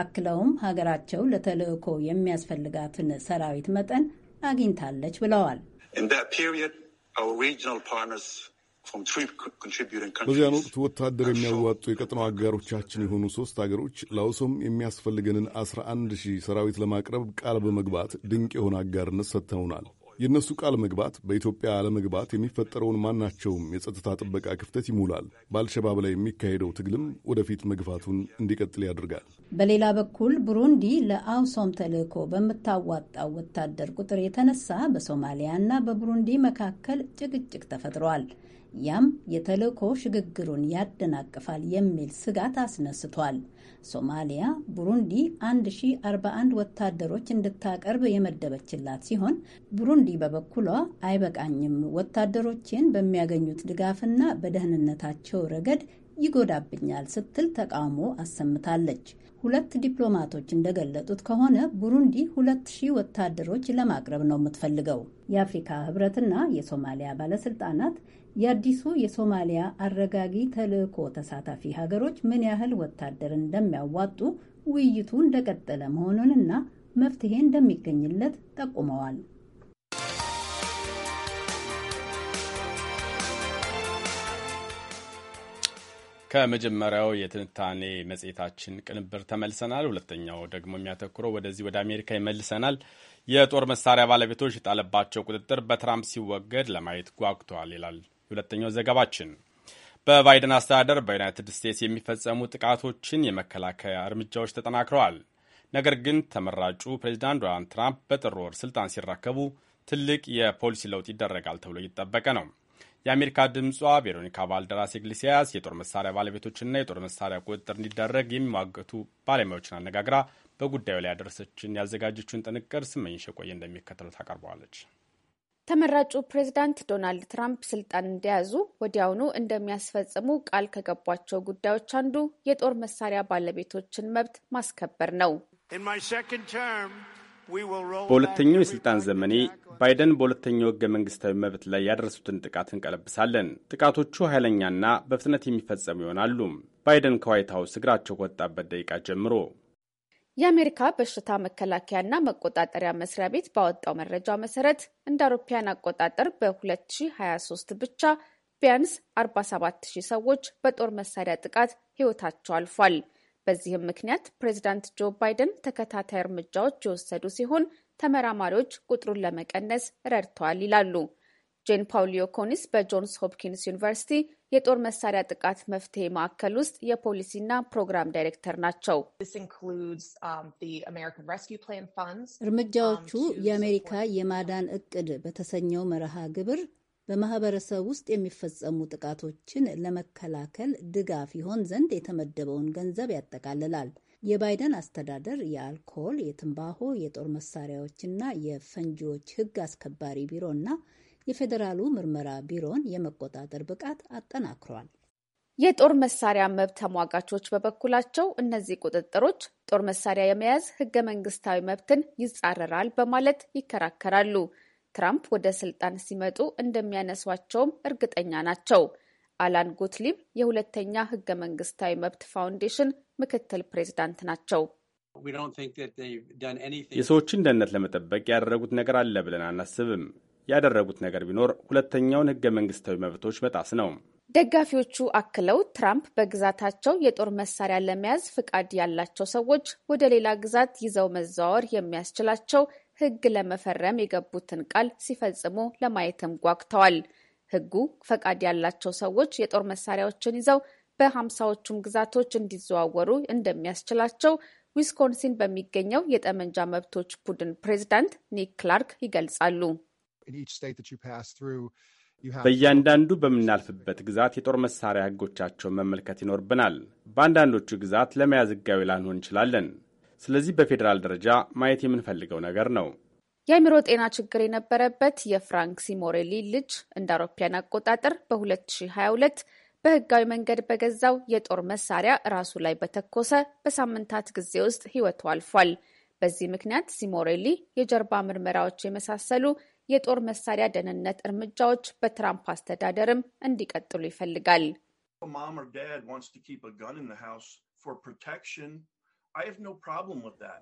አክለውም ሀገራቸው ለተልእኮ የሚያስፈልጋትን ሰራዊት መጠን አግኝታለች ብለዋል። በዚያን ወቅት ወታደር የሚያዋጡ የቀጥኖ አጋሮቻችን የሆኑ ሶስት አገሮች ላውሶም የሚያስፈልገንን 11 ሺህ ሰራዊት ለማቅረብ ቃል በመግባት ድንቅ የሆነ አጋርነት ሰጥተውናል። የእነሱ ቃል መግባት በኢትዮጵያ አለመግባት የሚፈጠረውን ማናቸውም የጸጥታ ጥበቃ ክፍተት ይሞላል። በአልሸባብ ላይ የሚካሄደው ትግልም ወደፊት መግፋቱን እንዲቀጥል ያደርጋል። በሌላ በኩል ቡሩንዲ ለአውሶም ተልዕኮ በምታዋጣው ወታደር ቁጥር የተነሳ በሶማሊያና በቡሩንዲ መካከል ጭቅጭቅ ተፈጥሯል። ያም የተልዕኮ ሽግግሩን ያደናቅፋል የሚል ስጋት አስነስቷል። ሶማሊያ ቡሩንዲ 1041 ወታደሮች እንድታቀርብ የመደበችላት ሲሆን ቡሩንዲ በበኩሏ አይበቃኝም፣ ወታደሮችን በሚያገኙት ድጋፍና በደህንነታቸው ረገድ ይጎዳብኛል ስትል ተቃውሞ አሰምታለች። ሁለት ዲፕሎማቶች እንደገለጡት ከሆነ ቡሩንዲ ሁለት ሺህ ወታደሮች ለማቅረብ ነው የምትፈልገው። የአፍሪካ ህብረትና የሶማሊያ ባለስልጣናት የአዲሱ የሶማሊያ አረጋጊ ተልዕኮ ተሳታፊ ሀገሮች ምን ያህል ወታደር እንደሚያዋጡ ውይይቱ እንደቀጠለ መሆኑንና መፍትሄ እንደሚገኝለት ጠቁመዋል። ከመጀመሪያው የትንታኔ መጽሔታችን ቅንብር ተመልሰናል። ሁለተኛው ደግሞ የሚያተኩረው ወደዚህ ወደ አሜሪካ ይመልሰናል። የጦር መሳሪያ ባለቤቶች የጣለባቸው ቁጥጥር በትራምፕ ሲወገድ ለማየት ጓጉተዋል ይላል የሁለተኛው ዘገባችን። በባይደን አስተዳደር በዩናይትድ ስቴትስ የሚፈጸሙ ጥቃቶችን የመከላከያ እርምጃዎች ተጠናክረዋል። ነገር ግን ተመራጩ ፕሬዚዳንት ዶናልድ ትራምፕ በጥር ወር ስልጣን ሲራከቡ ትልቅ የፖሊሲ ለውጥ ይደረጋል ተብሎ እየተጠበቀ ነው። የአሜሪካ ድምጿ ቬሮኒካ ቫልደራስ ኢግሊሲያስ የጦር መሳሪያ ባለቤቶችና የጦር መሳሪያ ቁጥጥር እንዲደረግ የሚሟገቱ ባለሙያዎችን አነጋግራ በጉዳዩ ላይ ያደረሰችን ያዘጋጀችውን ጥንቅር ስመኝሽ የቆየ እንደሚከተሉት ታቀርበዋለች። ተመራጩ ፕሬዚዳንት ዶናልድ ትራምፕ ስልጣን እንደያዙ ወዲያውኑ እንደሚያስፈጽሙ ቃል ከገቧቸው ጉዳዮች አንዱ የጦር መሳሪያ ባለቤቶችን መብት ማስከበር ነው። በሁለተኛው የሥልጣን ዘመኔ ባይደን በሁለተኛው ሕገ መንግሥታዊ መብት ላይ ያደረሱትን ጥቃት እንቀለብሳለን። ጥቃቶቹ ኃይለኛና በፍጥነት የሚፈጸሙ ይሆናሉ። ባይደን ከዋይት ሀውስ እግራቸው ከወጣበት ደቂቃ ጀምሮ የአሜሪካ በሽታ መከላከያና መቆጣጠሪያ መስሪያ ቤት ባወጣው መረጃ መሰረት እንደ አውሮፓያን አቆጣጠር በ2023 ብቻ ቢያንስ 47 ሺህ ሰዎች በጦር መሳሪያ ጥቃት ሕይወታቸው አልፏል። በዚህም ምክንያት ፕሬዚዳንት ጆ ባይደን ተከታታይ እርምጃዎች የወሰዱ ሲሆን ተመራማሪዎች ቁጥሩን ለመቀነስ ረድተዋል ይላሉ። ጄን ፓውሊዮ ኮኒስ በጆንስ ሆፕኪንስ ዩኒቨርሲቲ የጦር መሳሪያ ጥቃት መፍትሄ ማዕከል ውስጥ የፖሊሲና ፕሮግራም ዳይሬክተር ናቸው። um, እርምጃዎቹ um, የአሜሪካ የማዳን እቅድ በተሰኘው መርሃ ግብር በማህበረሰብ ውስጥ የሚፈጸሙ ጥቃቶችን ለመከላከል ድጋፍ ይሆን ዘንድ የተመደበውን ገንዘብ ያጠቃልላል። የባይደን አስተዳደር የአልኮል፣ የትንባሆ፣ የጦር መሳሪያዎችና የፈንጂዎች ሕግ አስከባሪ ቢሮና የፌዴራሉ ምርመራ ቢሮን የመቆጣጠር ብቃት አጠናክሯል። የጦር መሳሪያ መብት ተሟጋቾች በበኩላቸው እነዚህ ቁጥጥሮች ጦር መሳሪያ የመያዝ ህገ መንግስታዊ መብትን ይጻረራል በማለት ይከራከራሉ። ትራምፕ ወደ ስልጣን ሲመጡ እንደሚያነሷቸውም እርግጠኛ ናቸው። አላን ጎትሊብ የሁለተኛ ህገ መንግስታዊ መብት ፋውንዴሽን ምክትል ፕሬዝዳንት ናቸው። የሰዎችን ደህንነት ለመጠበቅ ያደረጉት ነገር አለ ብለን አናስብም። ያደረጉት ነገር ቢኖር ሁለተኛውን ህገ መንግስታዊ መብቶች መጣስ ነው። ደጋፊዎቹ አክለው ትራምፕ በግዛታቸው የጦር መሳሪያ ለመያዝ ፍቃድ ያላቸው ሰዎች ወደ ሌላ ግዛት ይዘው መዘዋወር የሚያስችላቸው ህግ ለመፈረም የገቡትን ቃል ሲፈጽሙ ለማየትም ጓግተዋል። ህጉ ፈቃድ ያላቸው ሰዎች የጦር መሳሪያዎችን ይዘው በሀምሳዎቹም ግዛቶች እንዲዘዋወሩ እንደሚያስችላቸው ዊስኮንሲን በሚገኘው የጠመንጃ መብቶች ቡድን ፕሬዝዳንት ኒክ ክላርክ ይገልጻሉ። በእያንዳንዱ በምናልፍበት ግዛት የጦር መሳሪያ ህጎቻቸውን መመልከት ይኖርብናል። በአንዳንዶቹ ግዛት ለመያዝ ህጋዊ ላንሆን እንችላለን። ስለዚህ በፌዴራል ደረጃ ማየት የምንፈልገው ነገር ነው። የአእምሮ ጤና ችግር የነበረበት የፍራንክ ሲሞሬሊ ልጅ እንደ አውሮፓያን አቆጣጠር በ2022 በህጋዊ መንገድ በገዛው የጦር መሳሪያ ራሱ ላይ በተኮሰ በሳምንታት ጊዜ ውስጥ ህይወቱ አልፏል። በዚህ ምክንያት ሲሞሬሊ የጀርባ ምርመራዎች የመሳሰሉ የጦር መሳሪያ ደህንነት እርምጃዎች በትራምፕ አስተዳደርም እንዲቀጥሉ ይፈልጋል።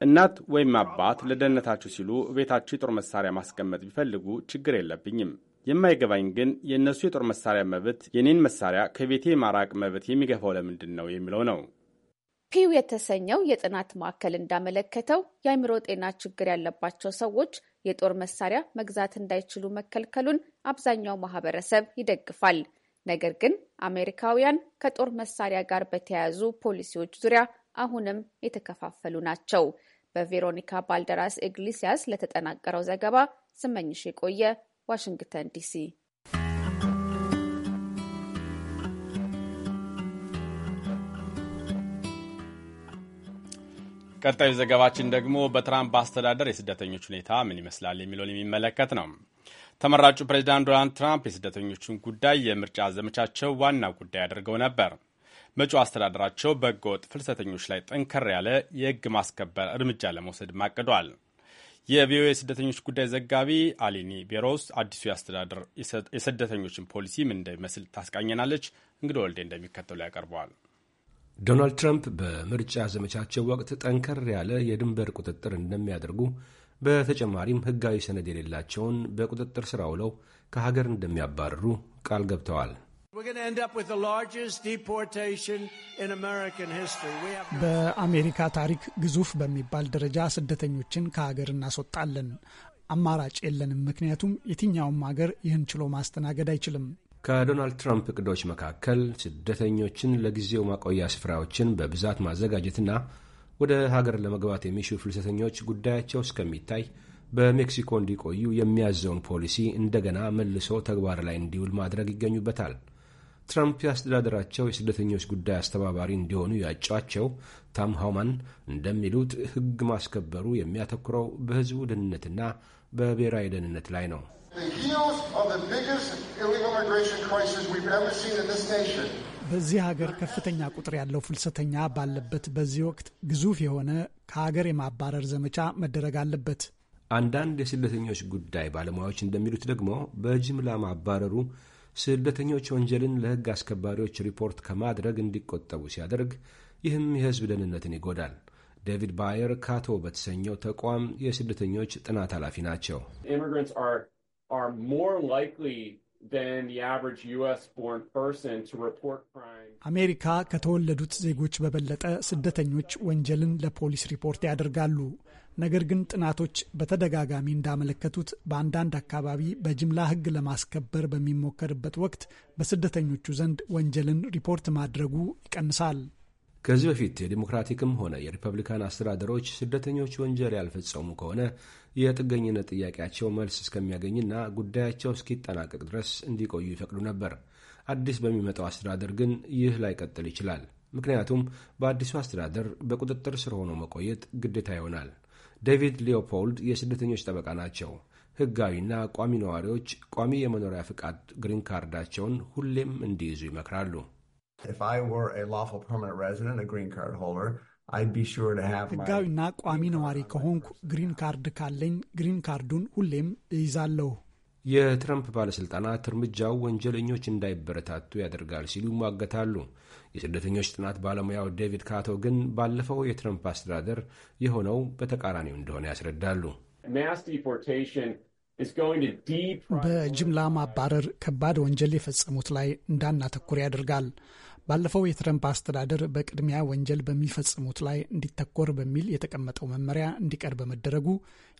እናት ወይም አባት ለደህንነታችሁ ሲሉ ቤታችሁ የጦር መሳሪያ ማስቀመጥ ቢፈልጉ ችግር የለብኝም። የማይገባኝ ግን የእነሱ የጦር መሳሪያ መብት የኔን መሳሪያ ከቤቴ የማራቅ መብት የሚገፋው ለምንድን ነው የሚለው ነው። ፒው የተሰኘው የጥናት ማዕከል እንዳመለከተው የአእምሮ ጤና ችግር ያለባቸው ሰዎች የጦር መሳሪያ መግዛት እንዳይችሉ መከልከሉን አብዛኛው ማህበረሰብ ይደግፋል። ነገር ግን አሜሪካውያን ከጦር መሳሪያ ጋር በተያያዙ ፖሊሲዎች ዙሪያ አሁንም የተከፋፈሉ ናቸው። በቬሮኒካ ባልደራስ ኢግሊሲያስ ለተጠናቀረው ዘገባ ስመኝሽ የቆየ ዋሽንግተን ዲሲ። ቀጣዩ ዘገባችን ደግሞ በትራምፕ አስተዳደር የስደተኞች ሁኔታ ምን ይመስላል የሚለውን የሚመለከት ነው። ተመራጩ ፕሬዚዳንት ዶናልድ ትራምፕ የስደተኞቹን ጉዳይ የምርጫ ዘመቻቸው ዋና ጉዳይ አድርገው ነበር። መጪው አስተዳደራቸው በህገወጥ ፍልሰተኞች ላይ ጠንከር ያለ የህግ ማስከበር እርምጃ ለመውሰድ ማቅዷል። የቪኦኤ ስደተኞች ጉዳይ ዘጋቢ አሊኒ ቤሮስ አዲሱ የአስተዳደር የስደተኞችን ፖሊሲ ምን እንደሚመስል ታስቃኘናለች። እንግዲህ ወልዴ እንደሚከተሉ ያቀርበዋል። ዶናልድ ትራምፕ በምርጫ ዘመቻቸው ወቅት ጠንከር ያለ የድንበር ቁጥጥር እንደሚያደርጉ በተጨማሪም ህጋዊ ሰነድ የሌላቸውን በቁጥጥር ስር አውለው ከሀገር እንደሚያባርሩ ቃል ገብተዋል። በአሜሪካ ታሪክ ግዙፍ በሚባል ደረጃ ስደተኞችን ከሀገር እናስወጣለን። አማራጭ የለንም፣ ምክንያቱም የትኛውም ሀገር ይህን ችሎ ማስተናገድ አይችልም። ከዶናልድ ትራምፕ እቅዶች መካከል ስደተኞችን ለጊዜው ማቆያ ስፍራዎችን በብዛት ማዘጋጀትና ወደ ሀገር ለመግባት የሚሹ ፍልሰተኞች ጉዳያቸው እስከሚታይ በሜክሲኮ እንዲቆዩ የሚያዘውን ፖሊሲ እንደገና መልሶ ተግባር ላይ እንዲውል ማድረግ ይገኙበታል። ትራምፕ የአስተዳደራቸው የስደተኞች ጉዳይ አስተባባሪ እንዲሆኑ ያጯቸው ታም ሃውማን እንደሚሉት ሕግ ማስከበሩ የሚያተኩረው በሕዝቡ ደህንነትና በብሔራዊ ደህንነት ላይ ነው። በዚህ ሀገር ከፍተኛ ቁጥር ያለው ፍልሰተኛ ባለበት በዚህ ወቅት ግዙፍ የሆነ ከሀገር የማባረር ዘመቻ መደረግ አለበት። አንዳንድ የስደተኞች ጉዳይ ባለሙያዎች እንደሚሉት ደግሞ በጅምላ ማባረሩ ስደተኞች ወንጀልን ለሕግ አስከባሪዎች ሪፖርት ከማድረግ እንዲቆጠቡ ሲያደርግ፣ ይህም የሕዝብ ደህንነትን ይጎዳል። ዴቪድ ባየር ካቶ በተሰኘው ተቋም የስደተኞች ጥናት ኃላፊ ናቸው። አሜሪካ ከተወለዱት ዜጎች በበለጠ ስደተኞች ወንጀልን ለፖሊስ ሪፖርት ያደርጋሉ። ነገር ግን ጥናቶች በተደጋጋሚ እንዳመለከቱት በአንዳንድ አካባቢ በጅምላ ሕግ ለማስከበር በሚሞከርበት ወቅት በስደተኞቹ ዘንድ ወንጀልን ሪፖርት ማድረጉ ይቀንሳል። ከዚህ በፊት የዲሞክራቲክም ሆነ የሪፐብሊካን አስተዳደሮች ስደተኞች ወንጀል ያልፈጸሙ ከሆነ የጥገኝነት ጥያቄያቸው መልስ እስከሚያገኝና ጉዳያቸው እስኪጠናቀቅ ድረስ እንዲቆዩ ይፈቅዱ ነበር። አዲስ በሚመጣው አስተዳደር ግን ይህ ላይቀጥል ይችላል። ምክንያቱም በአዲሱ አስተዳደር በቁጥጥር ስር ሆኖ መቆየት ግዴታ ይሆናል። ዴቪድ ሊዮፖልድ የስደተኞች ጠበቃ ናቸው። ሕጋዊና ቋሚ ነዋሪዎች ቋሚ የመኖሪያ ፍቃድ ግሪን ካርዳቸውን ሁሌም እንዲይዙ ይመክራሉ። ሕጋዊና ቋሚ ነዋሪ ከሆንኩ ግሪን ካርድ ካለኝ ግሪን ካርዱን ሁሌም እይዛለሁ። የትረምፕ ባለሥልጣናት እርምጃው ወንጀለኞች እንዳይበረታቱ ያደርጋል ሲሉ ይሟገታሉ። የስደተኞች ጥናት ባለሙያው ዴቪድ ካቶ ግን ባለፈው የትረምፕ አስተዳደር የሆነው በተቃራኒው እንደሆነ ያስረዳሉ። በጅምላ ማባረር ከባድ ወንጀል የፈጸሙት ላይ እንዳናተኩር ያደርጋል። ባለፈው የትረምፕ አስተዳደር በቅድሚያ ወንጀል በሚፈጽሙት ላይ እንዲተኮር በሚል የተቀመጠው መመሪያ እንዲቀርብ በመደረጉ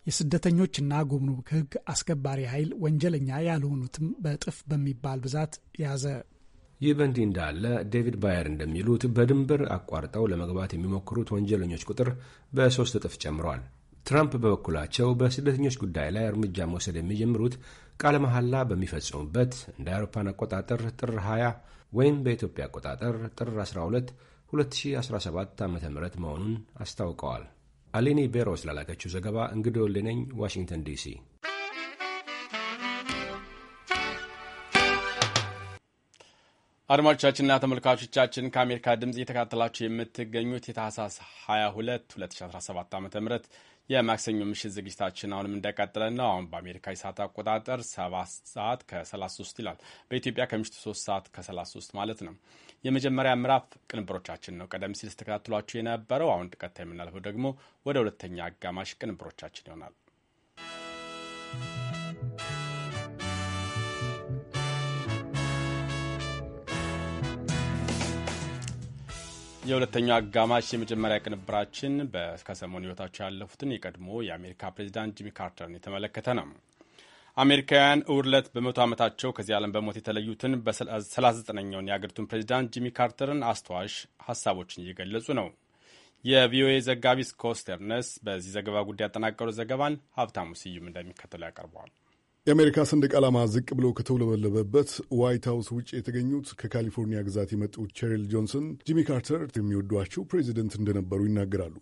የስደተኞችና ጉምሩክ ሕግ አስከባሪ ኃይል ወንጀለኛ ያልሆኑትም በእጥፍ በሚባል ብዛት ያዘ። ይህ በእንዲህ እንዳለ ዴቪድ ባየር እንደሚሉት በድንበር አቋርጠው ለመግባት የሚሞክሩት ወንጀለኞች ቁጥር በሶስት እጥፍ ጨምሯል። ትራምፕ በበኩላቸው በስደተኞች ጉዳይ ላይ እርምጃ መውሰድ የሚጀምሩት ቃለ መሐላ በሚፈጽሙበት እንደ አውሮፓን አቆጣጠር ጥር 20 ወይም በኢትዮጵያ አቆጣጠር ጥር 12 2017 ዓ ም መሆኑን አስታውቀዋል። አሊኒ ቤሮ ስላላከችው ዘገባ እንግዲህ ወሌነኝ ዋሽንግተን ዲሲ። አድማጮቻችንና ተመልካቾቻችን ከአሜሪካ ድምፅ እየተካተላችሁ የምትገኙት የታህሳስ 22 2017 ዓ ም የማክሰኞ ምሽት ዝግጅታችን አሁንም እንደቀጠለ ነው። አሁን በአሜሪካ የሰዓት አቆጣጠር 7 ሰዓት ከ33 ይላል። በኢትዮጵያ ከምሽቱ 3 ሰዓት ከ33 ማለት ነው። የመጀመሪያ ምዕራፍ ቅንብሮቻችን ነው ቀደም ሲል ስተከታትሏችሁ የነበረው። አሁን ቀጥታ የምናልፈው ደግሞ ወደ ሁለተኛ አጋማሽ ቅንብሮቻችን ይሆናል። የሁለተኛው አጋማሽ የመጀመሪያ ቅንብራችን ከሰሞኑ ህይወታቸው ያለፉትን የቀድሞ የአሜሪካ ፕሬዚዳንት ጂሚ ካርተርን የተመለከተ ነው። አሜሪካውያን እሁድ ዕለት በመቶ ዓመታቸው ከዚህ ዓለም በሞት የተለዩትን በ39ኛውን የአገሪቱን ፕሬዚዳንት ጂሚ ካርተርን አስተዋሽ ሀሳቦችን እየገለጹ ነው። የቪኦኤ ዘጋቢ ስኮት ስተርነስ በዚህ ዘገባ ጉዳይ ያጠናቀሩ ዘገባን ሀብታሙ ስዩም እንደሚከተለው ያቀርበዋል። የአሜሪካ ሰንደቅ ዓላማ ዝቅ ብሎ ከተውለበለበበት ዋይት ሀውስ ውጭ የተገኙት ከካሊፎርኒያ ግዛት የመጡት ቼሪል ጆንሰን ጂሚ ካርተር የሚወዷቸው ፕሬዚደንት እንደነበሩ ይናገራሉ።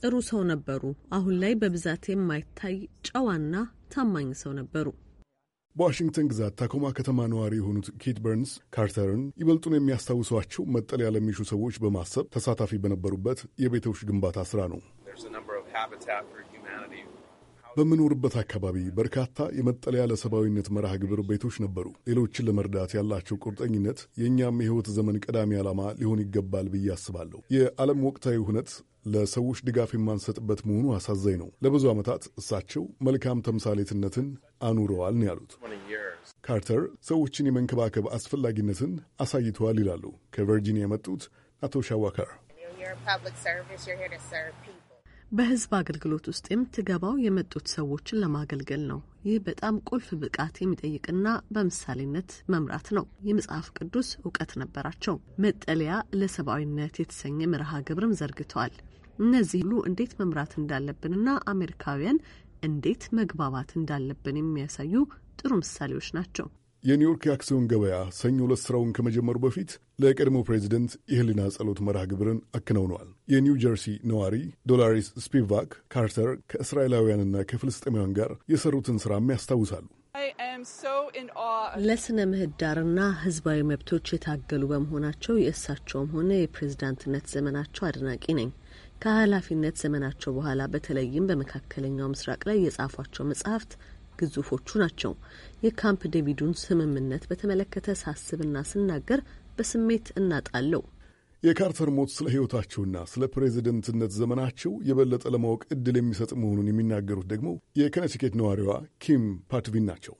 ጥሩ ሰው ነበሩ። አሁን ላይ በብዛት የማይታይ ጨዋና ታማኝ ሰው ነበሩ። በዋሽንግተን ግዛት ታኮማ ከተማ ነዋሪ የሆኑት ኬት በርንስ ካርተርን ይበልጡን የሚያስታውሷቸው መጠለያ ለሚሹ ሰዎች በማሰብ ተሳታፊ በነበሩበት የቤቶች ግንባታ ስራ ነው። በምኖርበት አካባቢ በርካታ የመጠለያ ለሰብአዊነት መርሃ ግብር ቤቶች ነበሩ። ሌሎችን ለመርዳት ያላቸው ቁርጠኝነት የእኛም የህይወት ዘመን ቀዳሚ ዓላማ ሊሆን ይገባል ብዬ አስባለሁ። የዓለም ወቅታዊ ሁነት ለሰዎች ድጋፍ የማንሰጥበት መሆኑ አሳዛኝ ነው። ለብዙ ዓመታት እሳቸው መልካም ተምሳሌትነትን አኑረዋል ነው ያሉት። ካርተር ሰዎችን የመንከባከብ አስፈላጊነትን አሳይተዋል ይላሉ ከቨርጂኒያ የመጡት ናቶሻ ዋከር በህዝብ አገልግሎት ውስጥ የምትገባው የመጡት ሰዎችን ለማገልገል ነው። ይህ በጣም ቁልፍ ብቃት የሚጠይቅና በምሳሌነት መምራት ነው። የመጽሐፍ ቅዱስ እውቀት ነበራቸው። መጠለያ ለሰብአዊነት የተሰኘ መርሃ ግብርም ዘርግተዋል። እነዚህ ሁሉ እንዴት መምራት እንዳለብንና አሜሪካውያን እንዴት መግባባት እንዳለብን የሚያሳዩ ጥሩ ምሳሌዎች ናቸው። የኒውዮርክ የአክሲዮን ገበያ ሰኞ ዕለት ስራውን ከመጀመሩ በፊት ለቀድሞ ፕሬዚደንት የህሊና ጸሎት መርሃ ግብርን አከናውነዋል። የኒው ጀርሲ ነዋሪ ዶላሪስ ስፒቫክ ካርተር ከእስራኤላውያንና ከፍልስጤማውያን ጋር የሰሩትን ስራም ያስታውሳሉ። ለስነ ምህዳርና ህዝባዊ መብቶች የታገሉ በመሆናቸው የእሳቸውም ሆነ የፕሬዝዳንትነት ዘመናቸው አድናቂ ነኝ። ከኃላፊነት ዘመናቸው በኋላ በተለይም በመካከለኛው ምስራቅ ላይ የጻፏቸው መጽሐፍት ግዙፎቹ ናቸው። የካምፕ ዴቪዱን ስምምነት በተመለከተ ሳስብና ስናገር በስሜት እናጣለው። የካርተር ሞት ስለ ሕይወታቸውና ስለ ፕሬዚደንትነት ዘመናቸው የበለጠ ለማወቅ እድል የሚሰጥ መሆኑን የሚናገሩት ደግሞ የከነቲኬት ነዋሪዋ ኪም ፓትቪን ናቸው።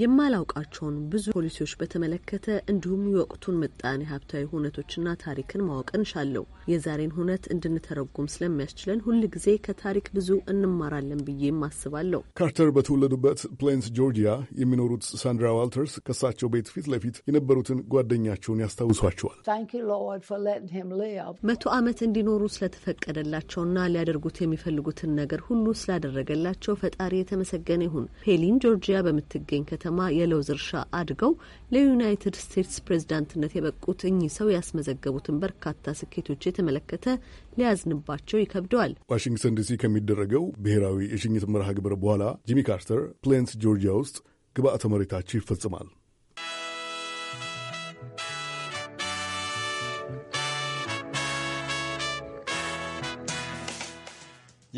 የማላውቃቸውን ብዙ ፖሊሲዎች በተመለከተ እንዲሁም የወቅቱን ምጣኔ ሀብታዊ ሁነቶችና ታሪክን ማወቅ እንሻለሁ። የዛሬን ሁነት እንድንተረጉም ስለሚያስችለን ሁል ጊዜ ከታሪክ ብዙ እንማራለን ብዬም አስባለሁ። ካርተር በተወለዱበት ፕሌንስ ጆርጂያ የሚኖሩት ሳንድራ ዋልተርስ ከሳቸው ቤት ፊት ለፊት የነበሩትን ጓደኛቸውን ያስታውሷቸዋል። መቶ ዓመት እንዲኖሩ ስለተፈቀደላቸውና ሊያደርጉት የሚፈልጉትን ነገር ሁሉ ስላደረገላቸው ፈጣሪ የተመሰገነ ይሁን። ፔሊን ጆርጂያ በምትገኝ ከተማ የለውዝ እርሻ አድገው ለዩናይትድ ስቴትስ ፕሬዝዳንትነት የበቁት እኚህ ሰው ያስመዘገቡትን በርካታ ስኬቶች የተመለከተ ሊያዝንባቸው ይከብደዋል። ዋሽንግተን ዲሲ ከሚደረገው ብሔራዊ የሽኝት መርሃ ግብር በኋላ ጂሚ ካርተር ፕሌንስ ጆርጂያ ውስጥ ግብአተ መሬታቸው ይፈጽማል።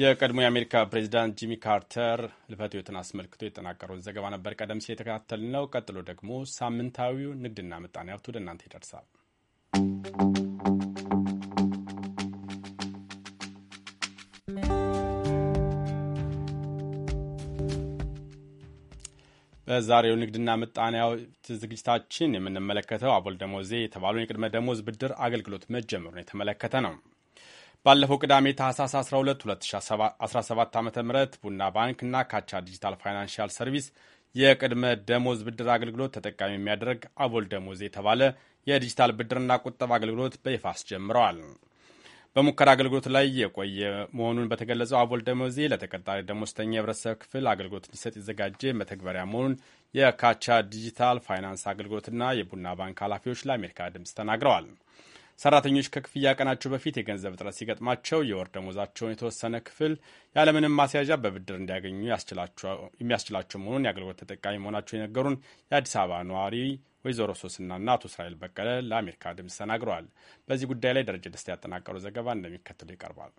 የቀድሞ የአሜሪካ ፕሬዚዳንት ጂሚ ካርተር ህልፈተ ህይወትን አስመልክቶ የተጠናቀረውን ዘገባ ነበር ቀደም ሲል ነው። ቀጥሎ ደግሞ ሳምንታዊው ንግድና ምጣኔ ሀብት ወደ እናንተ ይደርሳል። በዛሬው ንግድና ምጣኔ ዝግጅታችን የምንመለከተው አቦል ደሞዜ የተባለውን የቅድመ ደሞዝ ብድር አገልግሎት መጀመሩን የተመለከተ ነው። ባለፈው ቅዳሜ ታህሳስ 12 2017 ዓ ም ቡና ባንክ እና ካቻ ዲጂታል ፋይናንሽል ሰርቪስ የቅድመ ደሞዝ ብድር አገልግሎት ተጠቃሚ የሚያደርግ አቦል ደሞዝ የተባለ የዲጂታል ብድርና ቁጠባ አገልግሎት በይፋ አስጀምረዋል። በሙከራ አገልግሎት ላይ የቆየ መሆኑን በተገለጸው አቦል ደሞዜ ለተቀጣሪ ደሞዝተኛ የህብረተሰብ ክፍል አገልግሎት እንዲሰጥ የተዘጋጀ መተግበሪያ መሆኑን የካቻ ዲጂታል ፋይናንስ አገልግሎትና የቡና ባንክ ኃላፊዎች ለአሜሪካ ድምፅ ተናግረዋል። ሰራተኞች ከክፍያ ቀናቸው በፊት የገንዘብ እጥረት ሲገጥማቸው የወር ደሞዛቸውን የተወሰነ ክፍል ያለምንም ማስያዣ በብድር እንዲያገኙ የሚያስችላቸው መሆኑን የአገልግሎት ተጠቃሚ መሆናቸው የነገሩን የአዲስ አበባ ነዋሪ ወይዘሮ ሶስናና አቶ እስራኤል በቀለ ለአሜሪካ ድምፅ ተናግረዋል። በዚህ ጉዳይ ላይ ደረጀ ደስታ ያጠናቀሩ ዘገባ እንደሚከተሉ ይቀርባል።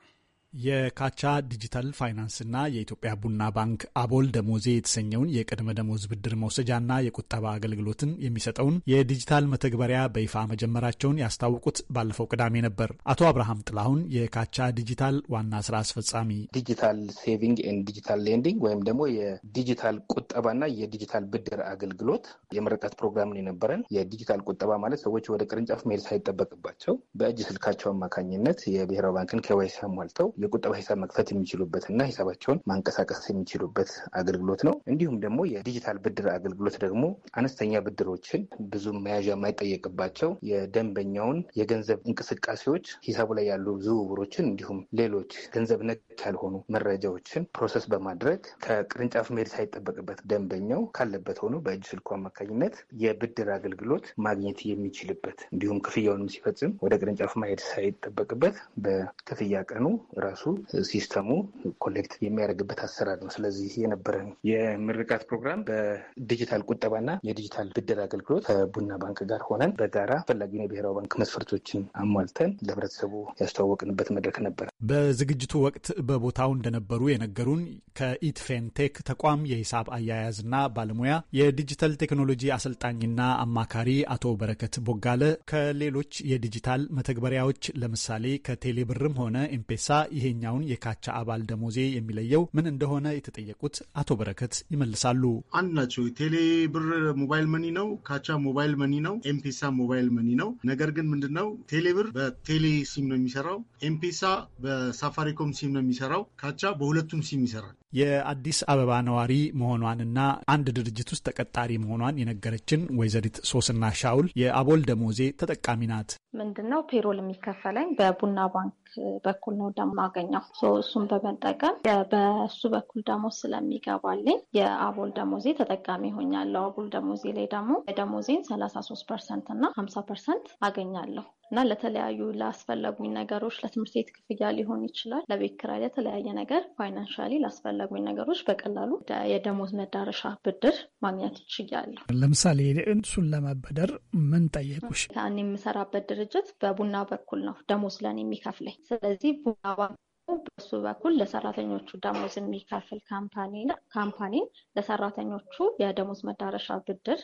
የካቻ ዲጂታል ፋይናንስና የኢትዮጵያ ቡና ባንክ አቦል ደሞዜ የተሰኘውን የቅድመ ደሞዝ ብድር መውሰጃና የቁጠባ አገልግሎትን የሚሰጠውን የዲጂታል መተግበሪያ በይፋ መጀመራቸውን ያስታወቁት ባለፈው ቅዳሜ ነበር። አቶ አብርሃም ጥላሁን የካቻ ዲጂታል ዋና ስራ አስፈጻሚ፣ ዲጂታል ሴቪንግ ኤንድ ዲጂታል ሌንዲንግ ወይም ደግሞ የዲጂታል ቁጠባና የዲጂታል ብድር አገልግሎት የምረቃት ፕሮግራም ነው የነበረን። የዲጂታል ቁጠባ ማለት ሰዎች ወደ ቅርንጫፍ መሄድ ሳይጠበቅባቸው በእጅ ስልካቸው አማካኝነት የብሔራዊ ባንክን ኬዋይሲ አሟልተው የቁጠባ ሂሳብ መክፈት የሚችሉበት እና ሂሳባቸውን ማንቀሳቀስ የሚችሉበት አገልግሎት ነው። እንዲሁም ደግሞ የዲጂታል ብድር አገልግሎት ደግሞ አነስተኛ ብድሮችን ብዙ መያዣ የማይጠየቅባቸው የደንበኛውን የገንዘብ እንቅስቃሴዎች፣ ሂሳቡ ላይ ያሉ ዝውውሮችን እንዲሁም ሌሎች ገንዘብ ነክ ያልሆኑ መረጃዎችን ፕሮሰስ በማድረግ ከቅርንጫፍ መሄድ ሳይጠበቅበት ደንበኛው ካለበት ሆኖ በእጅ ስልኩ አማካኝነት የብድር አገልግሎት ማግኘት የሚችልበት እንዲሁም ክፍያውንም ሲፈጽም ወደ ቅርንጫፍ ማሄድ ሳይጠበቅበት በክፍያ ቀኑ ራሱ ሲስተሙ ኮሌክት የሚያደርግበት አሰራር ነው። ስለዚህ የነበረን የምርቃት ፕሮግራም በዲጂታል ቁጠባና የዲጂታል ብድር አገልግሎት ከቡና ባንክ ጋር ሆነን በጋራ አስፈላጊ የብሔራዊ ባንክ መስፈርቶችን አሟልተን ለህብረተሰቡ ያስተዋወቅንበት መድረክ ነበር። በዝግጅቱ ወቅት በቦታው እንደነበሩ የነገሩን ከኢትፌንቴክ ተቋም የሂሳብ አያያዝና ባለሙያ የዲጂታል ቴክኖሎጂ አሰልጣኝና አማካሪ አቶ በረከት ቦጋለ ከሌሎች የዲጂታል መተግበሪያዎች ለምሳሌ ከቴሌብርም ሆነ ኤምፔሳ ይሄኛውን የካቻ አባል ደሞዜ የሚለየው ምን እንደሆነ የተጠየቁት አቶ በረከት ይመልሳሉ። አንድ ናቸው። ቴሌ ብር ሞባይል መኒ ነው። ካቻ ሞባይል መኒ ነው። ኤምፔሳ ሞባይል መኒ ነው። ነገር ግን ምንድን ነው ቴሌ ብር በቴሌ ሲም ነው የሚሰራው። ኤምፔሳ በሳፋሪኮም ሲም ነው የሚሰራው። ካቻ በሁለቱም ሲም ይሰራል። የአዲስ አበባ ነዋሪ መሆኗንና አንድ ድርጅት ውስጥ ተቀጣሪ መሆኗን የነገረችን ወይዘሪት ሶስና ሻውል የአቦል ደሞዜ ተጠቃሚ ናት። ምንድን ነው ፔሮል የሚከፈለኝ በቡና ባንክ በኩል ነው ደሞ አገኘው እሱን በመጠቀም በሱ በኩል ደግሞ ስለሚገባልኝ የአቦል ደሞዜ ተጠቃሚ ሆኛለሁ። አቦል ደሞዜ ላይ ደግሞ ደሞዜን ሰላሳ ሶስት ፐርሰንት እና ሀምሳ ፐርሰንት አገኛለሁ እና ለተለያዩ ላስፈለጉኝ ነገሮች ለትምህርት ቤት ክፍያ ሊሆን ይችላል፣ ለቤት ኪራይ፣ ለተለያየ ነገር ፋይናንሻሊ ላስፈለ ለሚያስፈልጉኝ ነገሮች በቀላሉ የደሞዝ መዳረሻ ብድር ማግኘት እችላለሁ። ለምሳሌ እሱን ለመበደር ምን ጠየቁሽ? እኔ የምሰራበት ድርጅት በቡና በኩል ነው ደሞዝ ለን የሚከፍለኝ። ስለዚህ ቡና በሱ በኩል ለሰራተኞቹ ደሞዝ የሚከፍል ካምፓኒ ካምፓኒ ለሰራተኞቹ የደሞዝ መዳረሻ ብድር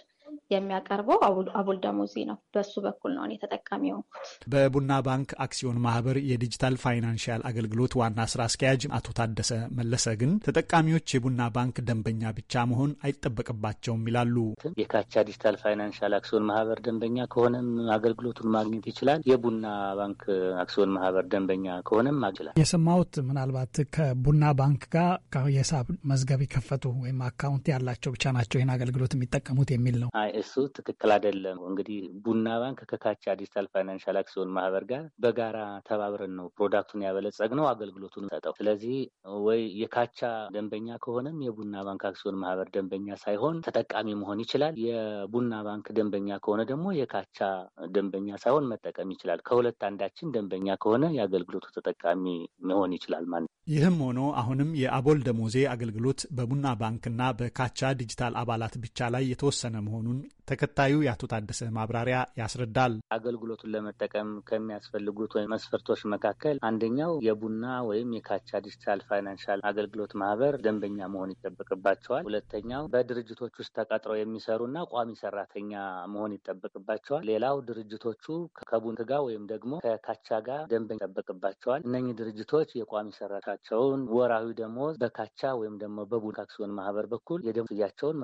የሚያቀርበው አቡል ደሞዜ ነው። በሱ በኩል ነው እኔ ተጠቃሚ የሆንኩት። በቡና ባንክ አክሲዮን ማህበር የዲጂታል ፋይናንሽያል አገልግሎት ዋና ስራ አስኪያጅ አቶ ታደሰ መለሰ ግን ተጠቃሚዎች የቡና ባንክ ደንበኛ ብቻ መሆን አይጠበቅባቸውም ይላሉ። የካቻ ዲጂታል ፋይናንሽያል አክሲዮን ማህበር ደንበኛ ከሆነም አገልግሎቱን ማግኘት ይችላል። የቡና ባንክ አክሲዮን ማህበር ደንበኛ ከሆነም ይችላል። የሰማሁት ምናልባት ከቡና ባንክ ጋር የሂሳብ መዝገብ የከፈቱ ወይም አካውንት ያላቸው ብቻ ናቸው ይህን አገልግሎት የሚጠቀሙት የሚል ነው። አይ እሱ ትክክል አይደለም። እንግዲህ ቡና ባንክ ከካቻ ዲጂታል ፋይናንሻል አክሲዮን ማህበር ጋር በጋራ ተባብረን ነው ፕሮዳክቱን ያበለጸግ ነው አገልግሎቱን ሰጠው። ስለዚህ ወይ የካቻ ደንበኛ ከሆነም የቡና ባንክ አክሲዮን ማህበር ደንበኛ ሳይሆን ተጠቃሚ መሆን ይችላል። የቡና ባንክ ደንበኛ ከሆነ ደግሞ የካቻ ደንበኛ ሳይሆን መጠቀም ይችላል። ከሁለት አንዳችን ደንበኛ ከሆነ የአገልግሎቱ ተጠቃሚ መሆን ይችላል ማለት ነው። ይህም ሆኖ አሁንም የአቦል ደሞዜ አገልግሎት በቡና ባንክና በካቻ ዲጂታል አባላት ብቻ ላይ የተወሰነ መሆኑ መሆኑን ተከታዩ የአቶ ታደሰ ማብራሪያ ያስረዳል። አገልግሎቱን ለመጠቀም ከሚያስፈልጉት ወይም መስፈርቶች መካከል አንደኛው የቡና ወይም የካቻ ዲጂታል ፋይናንሻል አገልግሎት ማህበር ደንበኛ መሆን ይጠበቅባቸዋል። ሁለተኛው በድርጅቶች ውስጥ ተቀጥረው የሚሰሩና ቋሚ ሰራተኛ መሆን ይጠበቅባቸዋል። ሌላው ድርጅቶቹ ከቡን ጋር ወይም ደግሞ ከካቻ ጋር ደንበኛ ይጠበቅባቸዋል። እነኚህ ድርጅቶች የቋሚ ሰራታቸውን ወራዊ ደሞዝ በካቻ ወይም ደግሞ በቡና አክሲዮን ማህበር በኩል የደሞዝ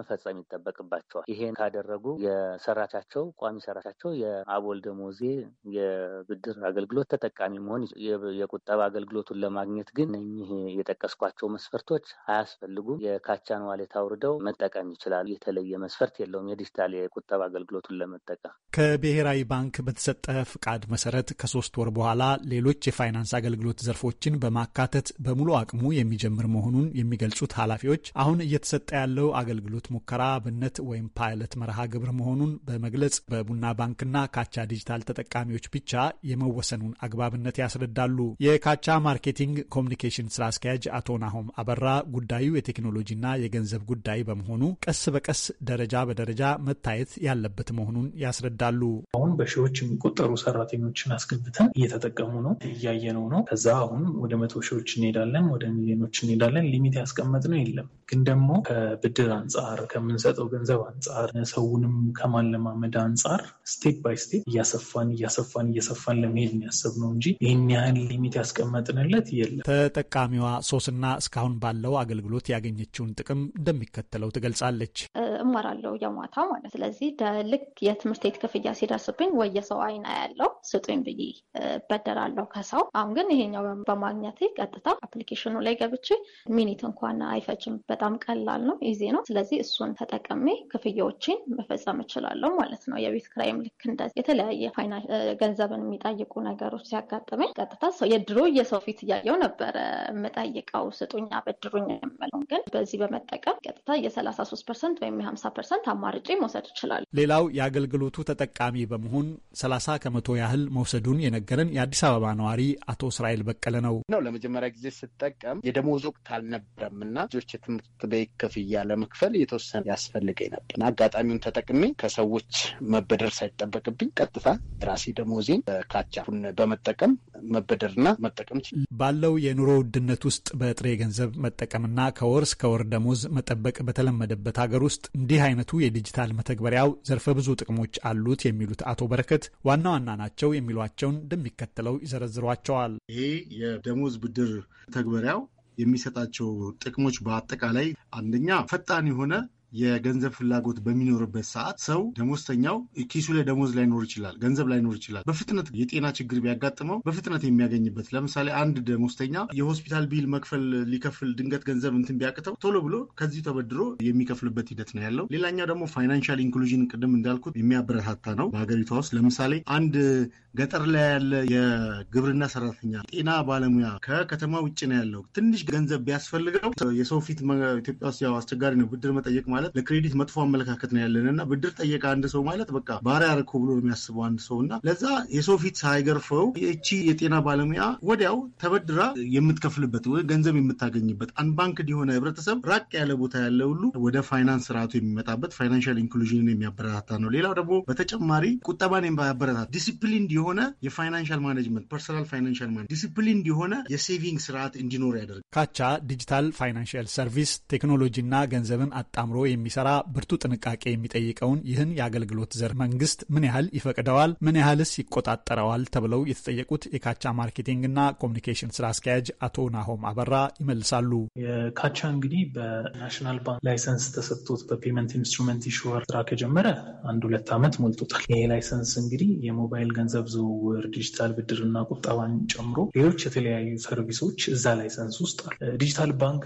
መፈጸም ይጠበቅባቸዋል። ይሄን ስላደረጉ የሰራቻቸው ቋሚ ሰራቻቸው የአቦል ደሞዜ የብድር አገልግሎት ተጠቃሚ መሆን የቁጠባ አገልግሎቱን ለማግኘት ግን እኚህ የጠቀስኳቸው መስፈርቶች አያስፈልጉም። የካቻን ዋሌት አውርደው መጠቀም ይችላሉ። የተለየ መስፈርት የለውም። የዲጂታል የቁጠባ አገልግሎቱን ለመጠቀም ከብሔራዊ ባንክ በተሰጠ ፍቃድ መሰረት ከሶስት ወር በኋላ ሌሎች የፋይናንስ አገልግሎት ዘርፎችን በማካተት በሙሉ አቅሙ የሚጀምር መሆኑን የሚገልጹት ኃላፊዎች አሁን እየተሰጠ ያለው አገልግሎት ሙከራ አብነት ወይም ፓይለት መርሃ ግብር መሆኑን በመግለጽ በቡና ባንክና ካቻ ዲጂታል ተጠቃሚዎች ብቻ የመወሰኑን አግባብነት ያስረዳሉ። የካቻ ማርኬቲንግ ኮሚኒኬሽን ስራ አስኪያጅ አቶ ናሆም አበራ ጉዳዩ የቴክኖሎጂና የገንዘብ ጉዳይ በመሆኑ ቀስ በቀስ ደረጃ በደረጃ መታየት ያለበት መሆኑን ያስረዳሉ። አሁን በሺዎች የሚቆጠሩ ሰራተኞችን አስገብተን እየተጠቀሙ ነው፣ እያየነው ነው። ከዛ አሁን ወደ መቶ ሺዎች እንሄዳለን፣ ወደ ሚሊዮኖች እንሄዳለን። ሊሚት ያስቀመጥነው የለም። ግን ደግሞ ከብድር አንጻር ከምንሰጠው ገንዘብ አንጻር ሰውንም ከማለማመድ አንጻር ስቴፕ ባይ ስቴፕ እያሰፋን እያሰፋን እያሰፋን ለመሄድ ነው እንጂ ይህን ያህል ሊሚት ያስቀመጥንለት የለም። ተጠቃሚዋ ሶስና እስካሁን ባለው አገልግሎት ያገኘችውን ጥቅም እንደሚከተለው ትገልጻለች። እማራለሁ የማታ ማለት ስለዚህ ልክ የትምህርት ቤት ክፍያ ሲደርስብኝ ሰው አይና ያለው ስጡኝ ብዬ በደራለሁ ከሰው አሁን ግን ይሄኛው በማግኘቴ ቀጥታ አፕሊኬሽኑ ላይ ገብቼ ሚኒት እንኳን አይፈጅም። በጣም ቀላል ነው፣ ኢዚ ነው። ስለዚህ እሱን ተጠቅሜ ክፍያዎች ግዢዎችን መፈጸም እችላለሁ ማለት ነው። የቤት ኪራይም ልክ እንደ የተለያየ ገንዘብን የሚጠይቁ ነገሮች ሲያጋጥመኝ ቀጥታ ሰው የድሮ የሰው ፊት እያየው ነበረ የምጠይቀው ስጡኝ፣ አበድሩኝ የምለውን ግን በዚህ በመጠቀም ቀጥታ የሰላሳ ሶስት ፐርሰንት ወይም የሀምሳ ፐርሰንት አማርጬ መውሰድ እችላለሁ። ሌላው የአገልግሎቱ ተጠቃሚ በመሆን ሰላሳ ከመቶ ያህል መውሰዱን የነገረን የአዲስ አበባ ነዋሪ አቶ እስራኤል በቀለ ነው ነው ለመጀመሪያ ጊዜ ስጠቀም የደሞዝ ወቅት አልነበረም እና ልጆች የትምህርት ቤት ክፍያ ለመክፈል የተወሰነ ያስፈልገኝ ነበር። አጋጣሚ አጋጣሚውን ተጠቅሜ ከሰዎች መበደር ሳይጠበቅብኝ ቀጥታ ራሴ ደሞዜን ካቻሁን በመጠቀም መበደርና መጠቀም ባለው የኑሮ ውድነት ውስጥ በጥሬ ገንዘብ መጠቀምና ከወር እስከ ወር ደሞዝ መጠበቅ በተለመደበት ሀገር ውስጥ እንዲህ አይነቱ የዲጂታል መተግበሪያው ዘርፈ ብዙ ጥቅሞች አሉት የሚሉት አቶ በረከት ዋና ዋና ናቸው የሚሏቸውን እንደሚከተለው ይዘረዝሯቸዋል። ይሄ የደሞዝ ብድር መተግበሪያው የሚሰጣቸው ጥቅሞች በአጠቃላይ አንደኛ ፈጣን የሆነ የገንዘብ ፍላጎት በሚኖርበት ሰዓት ሰው ደሞዝተኛው ኪሱ ላይ ደሞዝ ላይኖር ይችላል፣ ገንዘብ ላይኖር ይችላል። በፍጥነት የጤና ችግር ቢያጋጥመው በፍጥነት የሚያገኝበት ለምሳሌ አንድ ደሞዝተኛ የሆስፒታል ቢል መክፈል ሊከፍል ድንገት ገንዘብ እንትን ቢያቅተው ቶሎ ብሎ ከዚህ ተበድሮ የሚከፍልበት ሂደት ነው ያለው። ሌላኛው ደግሞ ፋይናንሻል ኢንክሉዥን ቅድም እንዳልኩት የሚያበረታታ ነው በሀገሪቷ ውስጥ ለምሳሌ አንድ ገጠር ላይ ያለ የግብርና ሰራተኛ ጤና ባለሙያ ከከተማ ውጭ ነው ያለው። ትንሽ ገንዘብ ቢያስፈልገው የሰው ፊት ኢትዮጵያ ውስጥ ያው አስቸጋሪ ነው ብድር መጠየቅ ማለት ማለት ለክሬዲት መጥፎ አመለካከት ነው ያለን እና ብድር ጠየቀ አንድ ሰው ማለት በቃ ባሪያ አደረኩ ብሎ የሚያስበው አንድ ሰው እና ለዛ የሰው ፊት ሳይገርፈው ይቺ የጤና ባለሙያ ወዲያው ተበድራ የምትከፍልበት ገንዘብ የምታገኝበት ባንክ የሆነ ህብረተሰብ ራቅ ያለ ቦታ ያለ ሁሉ ወደ ፋይናንስ ስርዓቱ የሚመጣበት ፋይናንሻል ኢንክሉዥንን የሚያበረታታ ነው። ሌላው ደግሞ በተጨማሪ ቁጠባን የሚያበረታታ ዲሲፕሊን የሆነ የፋይናንሻል ማኔጅመንት ፐርሰናል ፋይናንሻል ማኔጅመንት ዲሲፕሊን የሆነ የሴቪንግ ስርዓት እንዲኖር ያደርግ ካቻ ዲጂታል ፋይናንሽል ሰርቪስ ቴክኖሎጂና ገንዘብን አጣምሮ የሚሰራ ብርቱ ጥንቃቄ የሚጠይቀውን ይህን የአገልግሎት ዘር መንግስት ምን ያህል ይፈቅደዋል? ምን ያህልስ ይቆጣጠረዋል? ተብለው የተጠየቁት የካቻ ማርኬቲንግ እና ኮሚኒኬሽን ስራ አስኪያጅ አቶ ናሆም አበራ ይመልሳሉ። የካቻ እንግዲህ በናሽናል ባንክ ላይሰንስ ተሰጥቶት በፔመንት ኢንስትሩመንት ኢሹወር ስራ ከጀመረ አንድ ሁለት ዓመት ሞልቶታል። ይሄ ላይሰንስ እንግዲህ የሞባይል ገንዘብ ዝውውር፣ ዲጂታል ብድርና ቁጠባን ጨምሮ ሌሎች የተለያዩ ሰርቪሶች እዛ ላይሰንስ ውስጥ አሉ። ዲጂታል ባንክ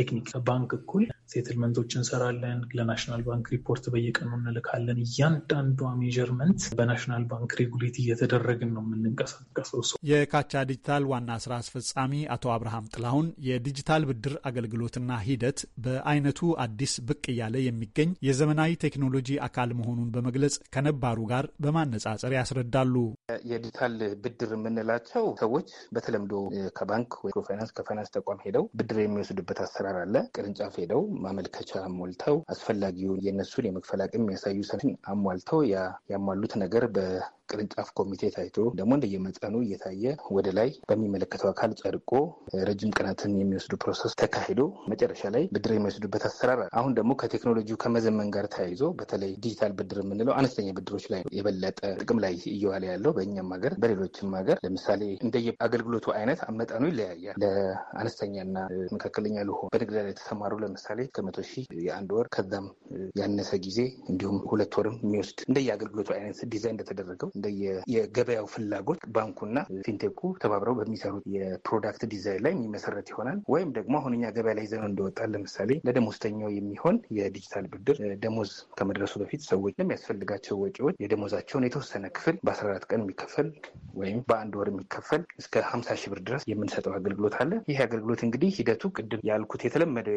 ቴክኒክ ባንክ እኩል ሴትልመንቶች እንሰራለን እንልካለን። ለናሽናል ባንክ ሪፖርት በየቀኑ እንልካለን። እያንዳንዷ ሜጀርመንት በናሽናል ባንክ ሬጉሌት እየተደረግን ነው የምንንቀሳቀሰው። የካቻ ዲጂታል ዋና ስራ አስፈጻሚ አቶ አብርሃም ጥላሁን የዲጂታል ብድር አገልግሎትና ሂደት በአይነቱ አዲስ ብቅ እያለ የሚገኝ የዘመናዊ ቴክኖሎጂ አካል መሆኑን በመግለጽ ከነባሩ ጋር በማነጻጸር ያስረዳሉ። የዲጂታል ብድር የምንላቸው ሰዎች በተለምዶ ከባንክ ወይ ፋይናንስ ከፋይናንስ ተቋም ሄደው ብድር የሚወስዱበት አሰራር አለ። ቅርንጫፍ ሄደው ማመልከቻ ሞልተው አሟልተው አስፈላጊውን የእነሱን የመክፈል አቅም የሚያሳዩ ሰነዶችን አሟልተው ያሟሉት ነገር ቅርንጫፍ ኮሚቴ ታይቶ ደግሞ እንደየመጠኑ እየታየ ወደ ላይ በሚመለከተው አካል ጸድቆ ረጅም ቀናትን የሚወስዱ ፕሮሰስ ተካሂዶ መጨረሻ ላይ ብድር የሚወስዱበት አሰራር አሁን ደግሞ ከቴክኖሎጂው ከመዘመን ጋር ተያይዞ በተለይ ዲጂታል ብድር የምንለው አነስተኛ ብድሮች ላይ የበለጠ ጥቅም ላይ እየዋለ ያለው በእኛም ሀገር በሌሎችም ሀገር ለምሳሌ እንደየ አገልግሎቱ አይነት መጠኑ ይለያያል። ለአነስተኛና መካከለኛ ለሆኑ በንግድ ላይ የተሰማሩ ለምሳሌ ከመቶ ሺህ የአንድ ወር ከዛም ያነሰ ጊዜ እንዲሁም ሁለት ወርም የሚወስድ እንደየ አገልግሎቱ አይነት ዲዛይን እንደተደረገው እንደ የገበያው ፍላጎት ባንኩና ፊንቴኩ ተባብረው በሚሰሩት የፕሮዳክት ዲዛይን ላይ የሚመሰረት ይሆናል። ወይም ደግሞ አሁንኛ ገበያ ላይ ዘነው እንደወጣል ለምሳሌ ለደሞዝተኛው የሚሆን የዲጂታል ብድር ደሞዝ ከመድረሱ በፊት ሰዎች ለሚያስፈልጋቸው ወጪዎች የደሞዛቸውን የተወሰነ ክፍል በአስራ አራት ቀን የሚከፈል ወይም በአንድ ወር የሚከፈል እስከ ሀምሳ ሺህ ብር ድረስ የምንሰጠው አገልግሎት አለ። ይህ አገልግሎት እንግዲህ ሂደቱ ቅድም ያልኩት የተለመደ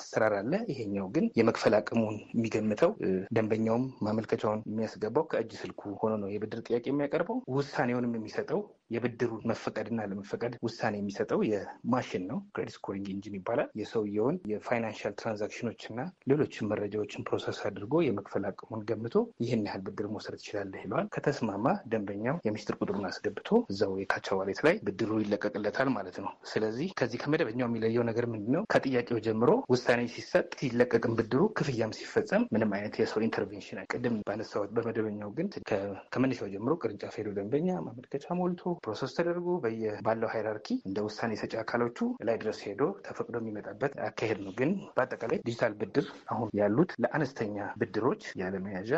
አሰራር አለ። ይሄኛው ግን የመክፈል አቅሙን የሚገምተው ደንበኛውም ማመልከቻውን የሚያስገባው ከእጅ ስልኩ ሆኖ ነው የብድር ጥያቄ የሚያቀርበው ውሳኔውንም የሚሰጠው የብድሩ መፈቀድና ለመፈቀድ ውሳኔ የሚሰጠው የማሽን ነው። ክሬዲት ስኮሪንግ ኢንጂን ይባላል። የሰውየውን የፋይናንሻል ትራንዛክሽኖችና ሌሎችን መረጃዎችን ፕሮሰስ አድርጎ የመክፈል አቅሙን ገምቶ ይህን ያህል ብድር መውሰድ ትችላለህ ይለዋል። ከተስማማ ደንበኛው የሚስጥር ቁጥሩን አስገብቶ እዛው የካቻ ዋሌት ላይ ብድሩ ይለቀቅለታል ማለት ነው። ስለዚህ ከዚህ ከመደበኛው የሚለየው ነገር ምንድነው ነው? ከጥያቄው ጀምሮ ውሳኔ ሲሰጥ ሲለቀቅም ብድሩ ክፍያም ሲፈጸም ምንም አይነት የሰው ኢንተርቬንሽን ቅድም ባነሳሁት በመደበኛው ግን ከመነሻው ጀምሮ ቅርንጫፍ ሄዶ ደንበኛ ማመልከቻ ሞልቶ ፕሮሰስ ተደርጎ በየባለው ባለው ሃይራርኪ እንደ ውሳኔ ሰጪ አካሎቹ ላይ ድረስ ሄዶ ተፈቅዶ የሚመጣበት አካሄድ ነው። ግን በአጠቃላይ ዲጂታል ብድር አሁን ያሉት ለአነስተኛ ብድሮች ያለመያዣ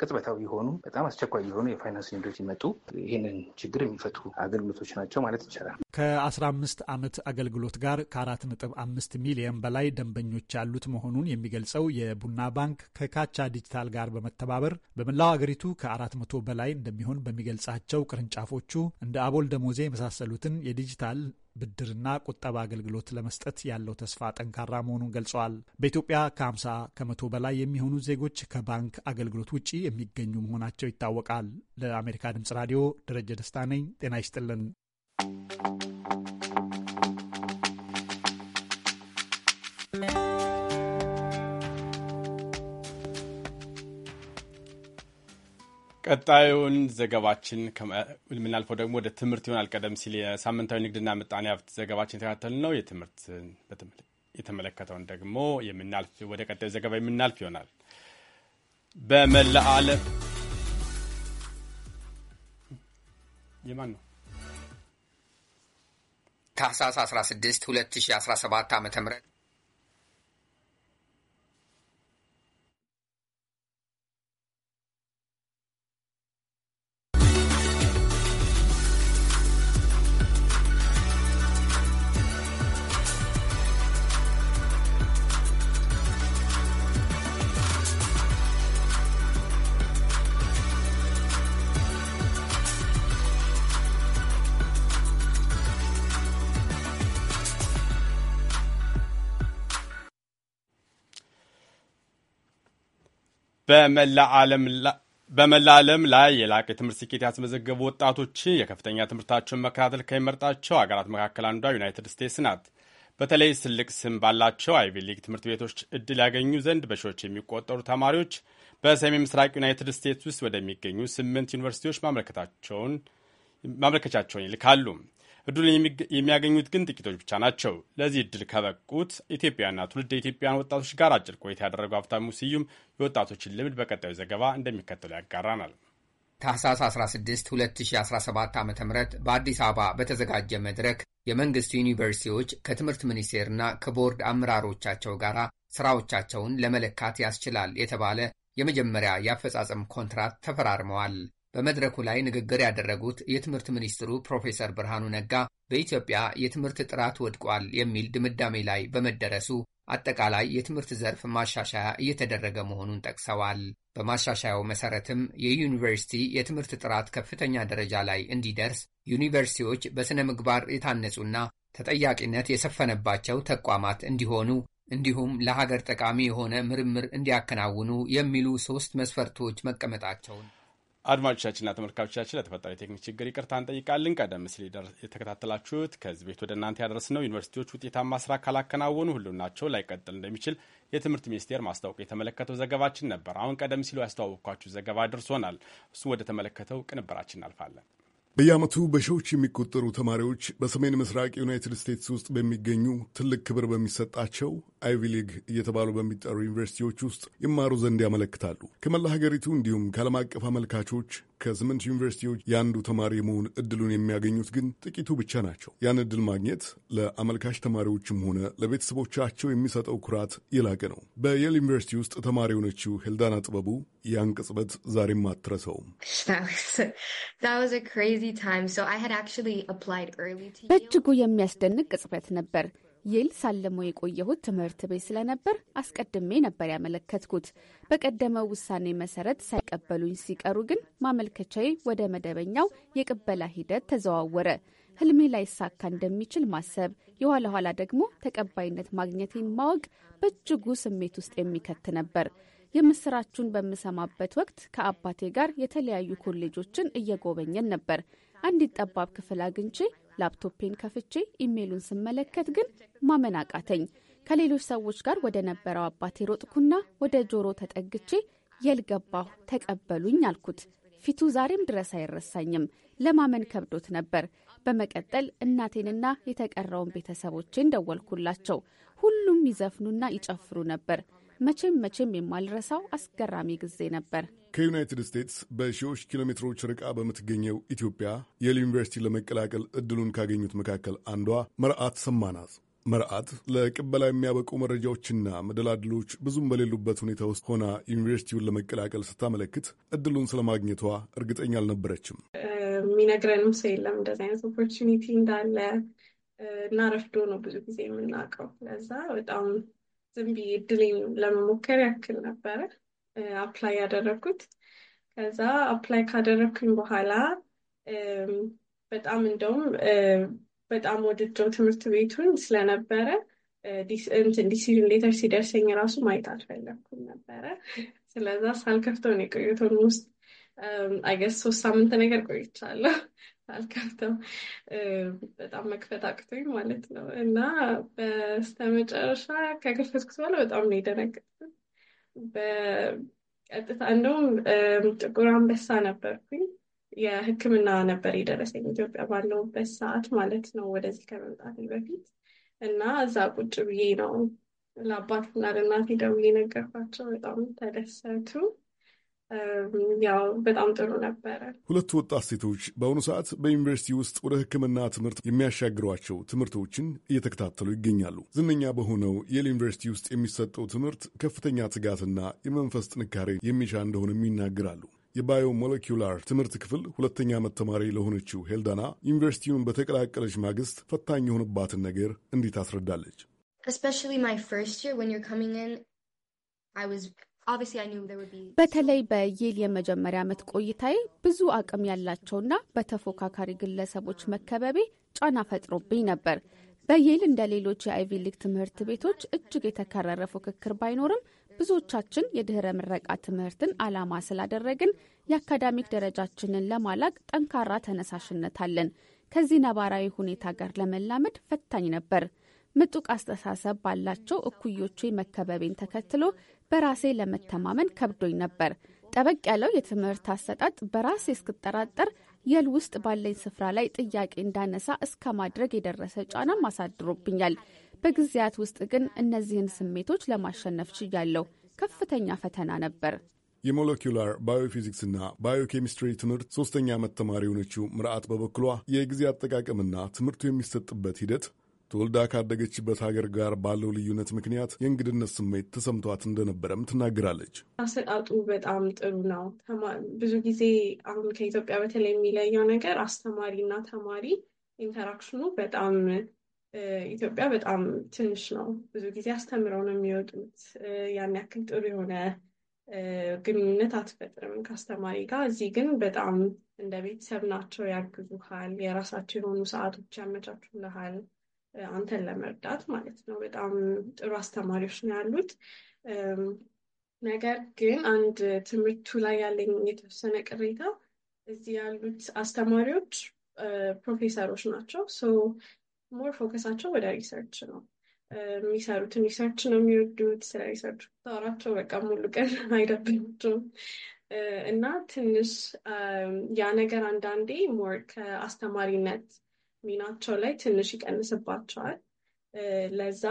ቅጽበታዊ የሆኑ በጣም አስቸኳይ የሆኑ የፋይናንስ ንዶች ሲመጡ ይህንን ችግር የሚፈቱ አገልግሎቶች ናቸው ማለት ይቻላል። ከ15 ዓመት አገልግሎት ጋር ከ4.5 ሚሊዮን በላይ ደንበኞች ያሉት መሆኑን የሚገልጸው የቡና ባንክ ከካቻ ዲጂታል ጋር በመተባበር በመላው አገሪቱ ከ መቶ በላይ እንደሚሆን በሚገልጻቸው ቅርንጫፎቹ እንደ አቦል ደሞዜ የመሳሰሉትን የዲጂታል ብድርና ቁጠባ አገልግሎት ለመስጠት ያለው ተስፋ ጠንካራ መሆኑን ገልጸዋል። በኢትዮጵያ ከ50 ከመቶ በላይ የሚሆኑ ዜጎች ከባንክ አገልግሎት ውጪ የሚገኙ መሆናቸው ይታወቃል። ለአሜሪካ ድምጽ ራዲዮ ደረጀ ደስታ ነኝ። ጤና ይስጥልን። ቀጣዩን ዘገባችን የምናልፈው ደግሞ ወደ ትምህርት ይሆናል። ቀደም ሲል የሳምንታዊ ንግድና ምጣኔ ሀብት ዘገባችን የተካተል ነው። የትምህርት የተመለከተውን ደግሞ ወደ ቀጣዩ ዘገባ የምናልፍ ይሆናል። በመላ ዓለም የማን ነው ታህሳስ 16 2017 ዓ ም በመላ ዓለም ላይ የላቀ የትምህርት ስኬት ያስመዘገቡ ወጣቶች የከፍተኛ ትምህርታቸውን መከታተል ከሚመርጣቸው አገራት መካከል አንዷ ዩናይትድ ስቴትስ ናት። በተለይ ትልቅ ስም ባላቸው አይቪ ሊግ ትምህርት ቤቶች እድል ያገኙ ዘንድ በሺዎች የሚቆጠሩ ተማሪዎች በሰሜን ምስራቅ ዩናይትድ ስቴትስ ውስጥ ወደሚገኙ ስምንት ዩኒቨርሲቲዎች ማመልከቻቸውን ይልካሉ። እድሉን የሚያገኙት ግን ጥቂቶች ብቻ ናቸው። ለዚህ እድል ከበቁት ኢትዮጵያና ትውልድ የኢትዮጵያን ወጣቶች ጋር አጭር ቆይታ ያደረገው ሀብታሙ ስዩም የወጣቶችን ልምድ በቀጣዩ ዘገባ እንደሚከተሉ ያጋራናል። ታህሳስ 16 2017 ዓ ም በአዲስ አበባ በተዘጋጀ መድረክ የመንግሥት ዩኒቨርሲቲዎች ከትምህርት ሚኒስቴርና ከቦርድ አመራሮቻቸው ጋር ሥራዎቻቸውን ለመለካት ያስችላል የተባለ የመጀመሪያ የአፈጻጸም ኮንትራት ተፈራርመዋል። በመድረኩ ላይ ንግግር ያደረጉት የትምህርት ሚኒስትሩ ፕሮፌሰር ብርሃኑ ነጋ በኢትዮጵያ የትምህርት ጥራት ወድቋል የሚል ድምዳሜ ላይ በመደረሱ አጠቃላይ የትምህርት ዘርፍ ማሻሻያ እየተደረገ መሆኑን ጠቅሰዋል። በማሻሻያው መሰረትም የዩኒቨርሲቲ የትምህርት ጥራት ከፍተኛ ደረጃ ላይ እንዲደርስ ዩኒቨርሲቲዎች በሥነ ምግባር የታነጹና ተጠያቂነት የሰፈነባቸው ተቋማት እንዲሆኑ እንዲሁም ለሀገር ጠቃሚ የሆነ ምርምር እንዲያከናውኑ የሚሉ ሦስት መስፈርቶች መቀመጣቸውን አድማጮቻችንና ተመልካቾቻችን ለተፈጠረ የቴክኒክ ችግር ይቅርታ እንጠይቃለን። ቀደም ሲል የተከታተላችሁት ከዚህ ቤት ወደ እናንተ ያደረስነው ዩኒቨርሲቲዎች ውጤታማ ስራ ካላከናወኑ ሁሉናቸው ላይቀጥል እንደሚችል የትምህርት ሚኒስቴር ማስታወቁ የተመለከተው ዘገባችን ነበር። አሁን ቀደም ሲሉ ያስተዋወቅኳችሁ ዘገባ ደርሶናል። እሱ ወደ ተመለከተው ቅንብራችን እናልፋለን። በየዓመቱ በሺዎች የሚቆጠሩ ተማሪዎች በሰሜን ምስራቅ ዩናይትድ ስቴትስ ውስጥ በሚገኙ ትልቅ ክብር በሚሰጣቸው አይቪ ሊግ እየተባሉ በሚጠሩ ዩኒቨርሲቲዎች ውስጥ ይማሩ ዘንድ ያመለክታሉ። ከመላ ሀገሪቱ እንዲሁም ከዓለም አቀፍ አመልካቾች ከስምንት ዩኒቨርሲቲዎች የአንዱ ተማሪ መሆን እድሉን የሚያገኙት ግን ጥቂቱ ብቻ ናቸው። ያን እድል ማግኘት ለአመልካች ተማሪዎችም ሆነ ለቤተሰቦቻቸው የሚሰጠው ኩራት የላቀ ነው። በየል ዩኒቨርሲቲ ውስጥ ተማሪ የሆነችው ሄልዳና ጥበቡ ያን ቅጽበት ዛሬም አትረሰውም። *laughs* በእጅጉ የሚያስደንቅ ቅጽበት ነበር። ይል ሳለሞ የቆየሁት ትምህርት ቤት ስለነበር አስቀድሜ ነበር ያመለከትኩት። በቀደመው ውሳኔ መሰረት ሳይቀበሉኝ ሲቀሩ ግን ማመልከቻዬ ወደ መደበኛው የቅበላ ሂደት ተዘዋወረ። ህልሜ ላይሳካ እንደሚችል ማሰብ፣ የኋላ ኋላ ደግሞ ተቀባይነት ማግኘቴን ማወቅ በእጅጉ ስሜት ውስጥ የሚከት ነበር። የምስራቹን በምሰማበት ወቅት ከአባቴ ጋር የተለያዩ ኮሌጆችን እየጎበኘን ነበር። አንዲት ጠባብ ክፍል አግኝቼ ላፕቶፔን ከፍቼ ኢሜሉን ስመለከት ግን ማመን አቃተኝ። ከሌሎች ሰዎች ጋር ወደ ነበረው አባቴ ሮጥኩና ወደ ጆሮ ተጠግቼ የልገባሁ ተቀበሉኝ አልኩት። ፊቱ ዛሬም ድረስ አይረሳኝም። ለማመን ከብዶት ነበር። በመቀጠል እናቴንና የተቀረውን ቤተሰቦቼን ደወልኩላቸው። ሁሉም ይዘፍኑና ይጨፍሩ ነበር። መቼም መቼም የማልረሳው አስገራሚ ጊዜ ነበር። ከዩናይትድ ስቴትስ በሺዎች ኪሎ ሜትሮች ርቃ በምትገኘው ኢትዮጵያ የል ዩኒቨርሲቲ ለመቀላቀል እድሉን ካገኙት መካከል አንዷ መርዓት ሰማናት። መርዓት ለቅበላ የሚያበቁ መረጃዎችና መደላድሎች ብዙም በሌሉበት ሁኔታ ውስጥ ሆና ዩኒቨርሲቲውን ለመቀላቀል ስታመለክት እድሉን ስለማግኘቷ እርግጠኛ አልነበረችም። የሚነግረንም ሰው የለም እንደዚህ አይነት ኦፖርቹኒቲ እንዳለ እና ረፍዶ ነው ብዙ ጊዜ የምናውቀው። ለዛ በጣም ዝም ብዬ እድሌን ለመሞከር ያክል ነበረ አፕላይ ያደረግኩት። ከዛ አፕላይ ካደረግኩኝ በኋላ በጣም እንደውም በጣም ወድጀው ትምህርት ቤቱን ስለነበረ እንትን ዲሲዥን ሌተር ሲደርሰኝ ራሱ ማየት አልፈለግኩም ነበረ። ስለዛ ሳልከፍተውን የቆየተውን ውስጥ አይገስ ሶስት ሳምንት ነገር ቆይቻለሁ። አልከፍተም በጣም መክፈት አቅቶኝ ማለት ነው። እና በስተመጨረሻ ከከፈትኩት በኋላ በጣም ነው የደነገጥኩት። በቀጥታ እንደውም ጥቁር አንበሳ ነበርኩኝ የሕክምና ነበር የደረሰኝ ኢትዮጵያ ባለሁበት ሰዓት ማለት ነው ወደዚህ ከመምጣት በፊት እና እዛ ቁጭ ብዬ ነው ለአባትና ለእናቴ ደውዬ ነገርኳቸው። በጣም ተደሰቱ። ያው በጣም ጥሩ ነበረ። ሁለቱ ወጣት ሴቶች በአሁኑ ሰዓት በዩኒቨርሲቲ ውስጥ ወደ ሕክምና ትምህርት የሚያሻግሯቸው ትምህርቶችን እየተከታተሉ ይገኛሉ። ዝነኛ በሆነው የል ዩኒቨርሲቲ ውስጥ የሚሰጠው ትምህርት ከፍተኛ ትጋትና የመንፈስ ጥንካሬ የሚሻ እንደሆነም ይናገራሉ። የባዮ ሞለኪውላር ትምህርት ክፍል ሁለተኛ ዓመት ተማሪ ለሆነችው ሄልዳና ዩኒቨርሲቲውን በተቀላቀለች ማግስት ፈታኝ የሆነባትን ነገር እንዲህ ታስረዳለች። በተለይ በዬል የመጀመሪያ ዓመት ቆይታዬ ብዙ አቅም ያላቸውና በተፎካካሪ ግለሰቦች መከበቤ ጫና ፈጥሮብኝ ነበር። በዬል እንደ ሌሎች የአይቪ ሊግ ትምህርት ቤቶች እጅግ የተከረረ ፉክክር ባይኖርም ብዙዎቻችን የድኅረ ምረቃ ትምህርትን ዓላማ ስላደረግን የአካዳሚክ ደረጃችንን ለማላቅ ጠንካራ ተነሳሽነት አለን። ከዚህ ነባራዊ ሁኔታ ጋር ለመላመድ ፈታኝ ነበር። ምጡቅ አስተሳሰብ ባላቸው እኩዮቼ መከበቤን ተከትሎ በራሴ ለመተማመን ከብዶኝ ነበር። ጠበቅ ያለው የትምህርት አሰጣጥ በራሴ እስክጠራጠር የል ውስጥ ባለኝ ስፍራ ላይ ጥያቄ እንዳነሳ እስከ ማድረግ የደረሰ ጫናም አሳድሮብኛል። በጊዜያት ውስጥ ግን እነዚህን ስሜቶች ለማሸነፍ ችያለሁ። ከፍተኛ ፈተና ነበር። የሞለኪውላር ባዮፊዚክስና ባዮኬሚስትሪ ትምህርት ሶስተኛ ዓመት ተማሪ የሆነችው ምርአት በበኩሏ የጊዜ አጠቃቀምና ትምህርቱ የሚሰጥበት ሂደት ተወልዳ ካደገችበት ሀገር ጋር ባለው ልዩነት ምክንያት የእንግድነት ስሜት ተሰምቷት እንደነበረም ትናገራለች። አሰጣጡ በጣም ጥሩ ነው። ብዙ ጊዜ አሁን ከኢትዮጵያ በተለይ የሚለየው ነገር አስተማሪ እና ተማሪ ኢንተራክሽኑ በጣም ኢትዮጵያ በጣም ትንሽ ነው። ብዙ ጊዜ አስተምረው ነው የሚወጡት። ያን ያክል ጥሩ የሆነ ግንኙነት አትፈጥርም ከአስተማሪ ጋር። እዚህ ግን በጣም እንደ ቤተሰብ ናቸው፣ ያግዙሃል፣ የራሳቸው የሆኑ ሰዓቶች ያመቻቹልሃል። አንተን ለመርዳት ማለት ነው። በጣም ጥሩ አስተማሪዎች ነው ያሉት። ነገር ግን አንድ ትምህርቱ ላይ ያለኝ የተወሰነ ቅሬታ እዚህ ያሉት አስተማሪዎች ፕሮፌሰሮች ናቸው። ሶ ሞር ፎከሳቸው ወደ ሪሰርች ነው። የሚሰሩትን ሪሰርች ነው የሚወዱት። ስለ ሪሰርች ታወራቸው በቃ ሙሉ ቀን *laughs* አይደብራቸውም። እና ትንሽ ያ ነገር አንዳንዴ ሞር ከአስተማሪነት ሚናቸው ላይ ትንሽ ይቀንስባቸዋል። ለዛ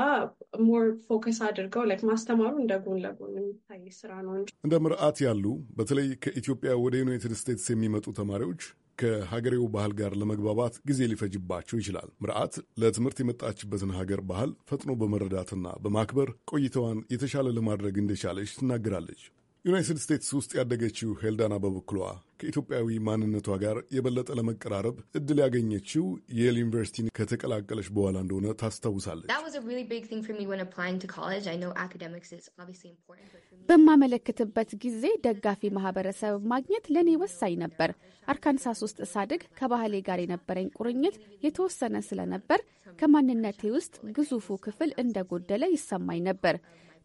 ሞር ፎከስ አድርገው ላይክ ማስተማሩ እንደ ጎን ለጎን የሚታይ ስራ ነው እንጂ እንደ ምርዓት ያሉ በተለይ ከኢትዮጵያ ወደ ዩናይትድ ስቴትስ የሚመጡ ተማሪዎች ከሀገሬው ባህል ጋር ለመግባባት ጊዜ ሊፈጅባቸው ይችላል። ምርዓት ለትምህርት የመጣችበትን ሀገር ባህል ፈጥኖ በመረዳትና በማክበር ቆይታዋን የተሻለ ለማድረግ እንደቻለች ትናገራለች። ዩናይትድ ስቴትስ ውስጥ ያደገችው ሄልዳና በበኩሏ ከኢትዮጵያዊ ማንነቷ ጋር የበለጠ ለመቀራረብ እድል ያገኘችው የል ዩኒቨርሲቲን ከተቀላቀለች በኋላ እንደሆነ ታስታውሳለች። በማመለክትበት ጊዜ ደጋፊ ማህበረሰብ ማግኘት ለእኔ ወሳኝ ነበር። አርካንሳስ ውስጥ ሳድግ ከባህሌ ጋር የነበረኝ ቁርኝት የተወሰነ ስለነበር ከማንነቴ ውስጥ ግዙፉ ክፍል እንደጎደለ ይሰማኝ ነበር።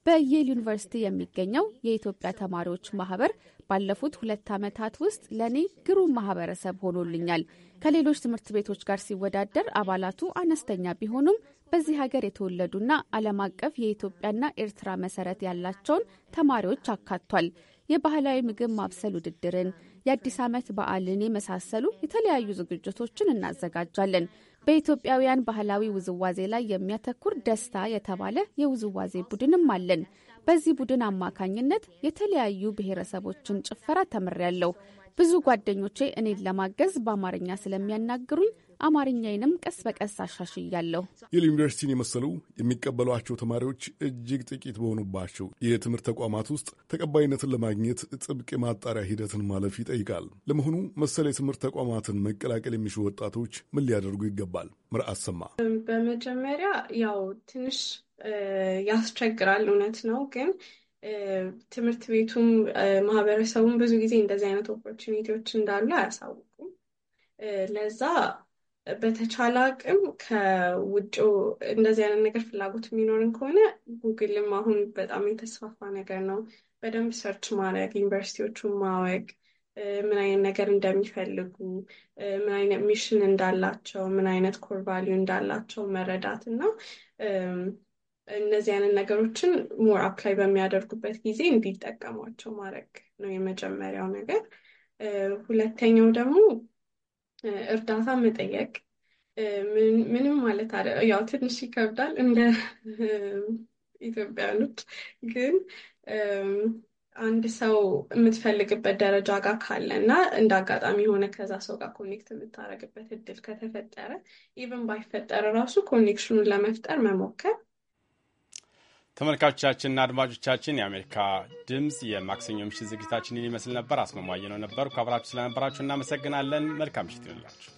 በየል ዩኒቨርሲቲ የሚገኘው የኢትዮጵያ ተማሪዎች ማህበር ባለፉት ሁለት ዓመታት ውስጥ ለእኔ ግሩም ማህበረሰብ ሆኖልኛል። ከሌሎች ትምህርት ቤቶች ጋር ሲወዳደር አባላቱ አነስተኛ ቢሆኑም በዚህ ሀገር የተወለዱና ዓለም አቀፍ የኢትዮጵያና ኤርትራ መሰረት ያላቸውን ተማሪዎች አካቷል። የባህላዊ ምግብ ማብሰል ውድድርን፣ የአዲስ ዓመት በዓልን የመሳሰሉ የተለያዩ ዝግጅቶችን እናዘጋጃለን። በኢትዮጵያውያን ባህላዊ ውዝዋዜ ላይ የሚያተኩር ደስታ የተባለ የውዝዋዜ ቡድንም አለን። በዚህ ቡድን አማካኝነት የተለያዩ ብሔረሰቦችን ጭፈራ ተምሬያለሁ። ብዙ ጓደኞቼ እኔን ለማገዝ በአማርኛ ስለሚያናግሩኝ አማርኛዬንም ቀስ በቀስ አሻሽያለሁ። ይል ዩኒቨርሲቲን የመሰሉ የሚቀበሏቸው ተማሪዎች እጅግ ጥቂት በሆኑባቸው የትምህርት ተቋማት ውስጥ ተቀባይነትን ለማግኘት ጥብቅ የማጣሪያ ሂደትን ማለፍ ይጠይቃል። ለመሆኑ መሰል የትምህርት ተቋማትን መቀላቀል የሚሹ ወጣቶች ምን ሊያደርጉ ይገባል? ምርአት ሰማ በመጀመሪያ ያው ትንሽ ያስቸግራል፣ እውነት ነው ግን ትምህርት ቤቱም ማህበረሰቡም ብዙ ጊዜ እንደዚህ አይነት ኦፖርቹኒቲዎች እንዳሉ አያሳውቁም። ለዛ በተቻለ አቅም ከውጭ እንደዚህ አይነት ነገር ፍላጎት የሚኖርን ከሆነ ጉግልም አሁን በጣም የተስፋፋ ነገር ነው። በደንብ ሰርች ማድረግ፣ ዩኒቨርሲቲዎቹን ማወቅ፣ ምን አይነት ነገር እንደሚፈልጉ፣ ምን አይነት ሚሽን እንዳላቸው፣ ምን አይነት ኮር ቫሊዩ እንዳላቸው መረዳት እና እነዚህ አይነት ነገሮችን ሞር አፕላይ በሚያደርጉበት ጊዜ እንዲጠቀሟቸው ማድረግ ነው የመጀመሪያው ነገር። ሁለተኛው ደግሞ እርዳታ መጠየቅ ምንም ማለት አለ ያው ትንሽ ይከብዳል እንደ *laughs* ኢትዮጵያኖች ግን አንድ ሰው የምትፈልግበት ደረጃ ጋር ካለ እና እንደ አጋጣሚ የሆነ ከዛ ሰው ጋር ኮኔክት የምታደርግበት እድል ከተፈጠረ ኢቨን ባይፈጠር ራሱ ኮኔክሽኑን ለመፍጠር መሞከር ተመልካቾቻችንና አድማጮቻችን የአሜሪካ ድምፅ የማክሰኞ ምሽት ዝግጅታችን ይመስል ነበር። አስማማየ ነው ነበርኩ። ስለነበራችሁ እናመሰግናለን። መልካም ምሽት ይሁንላችሁ።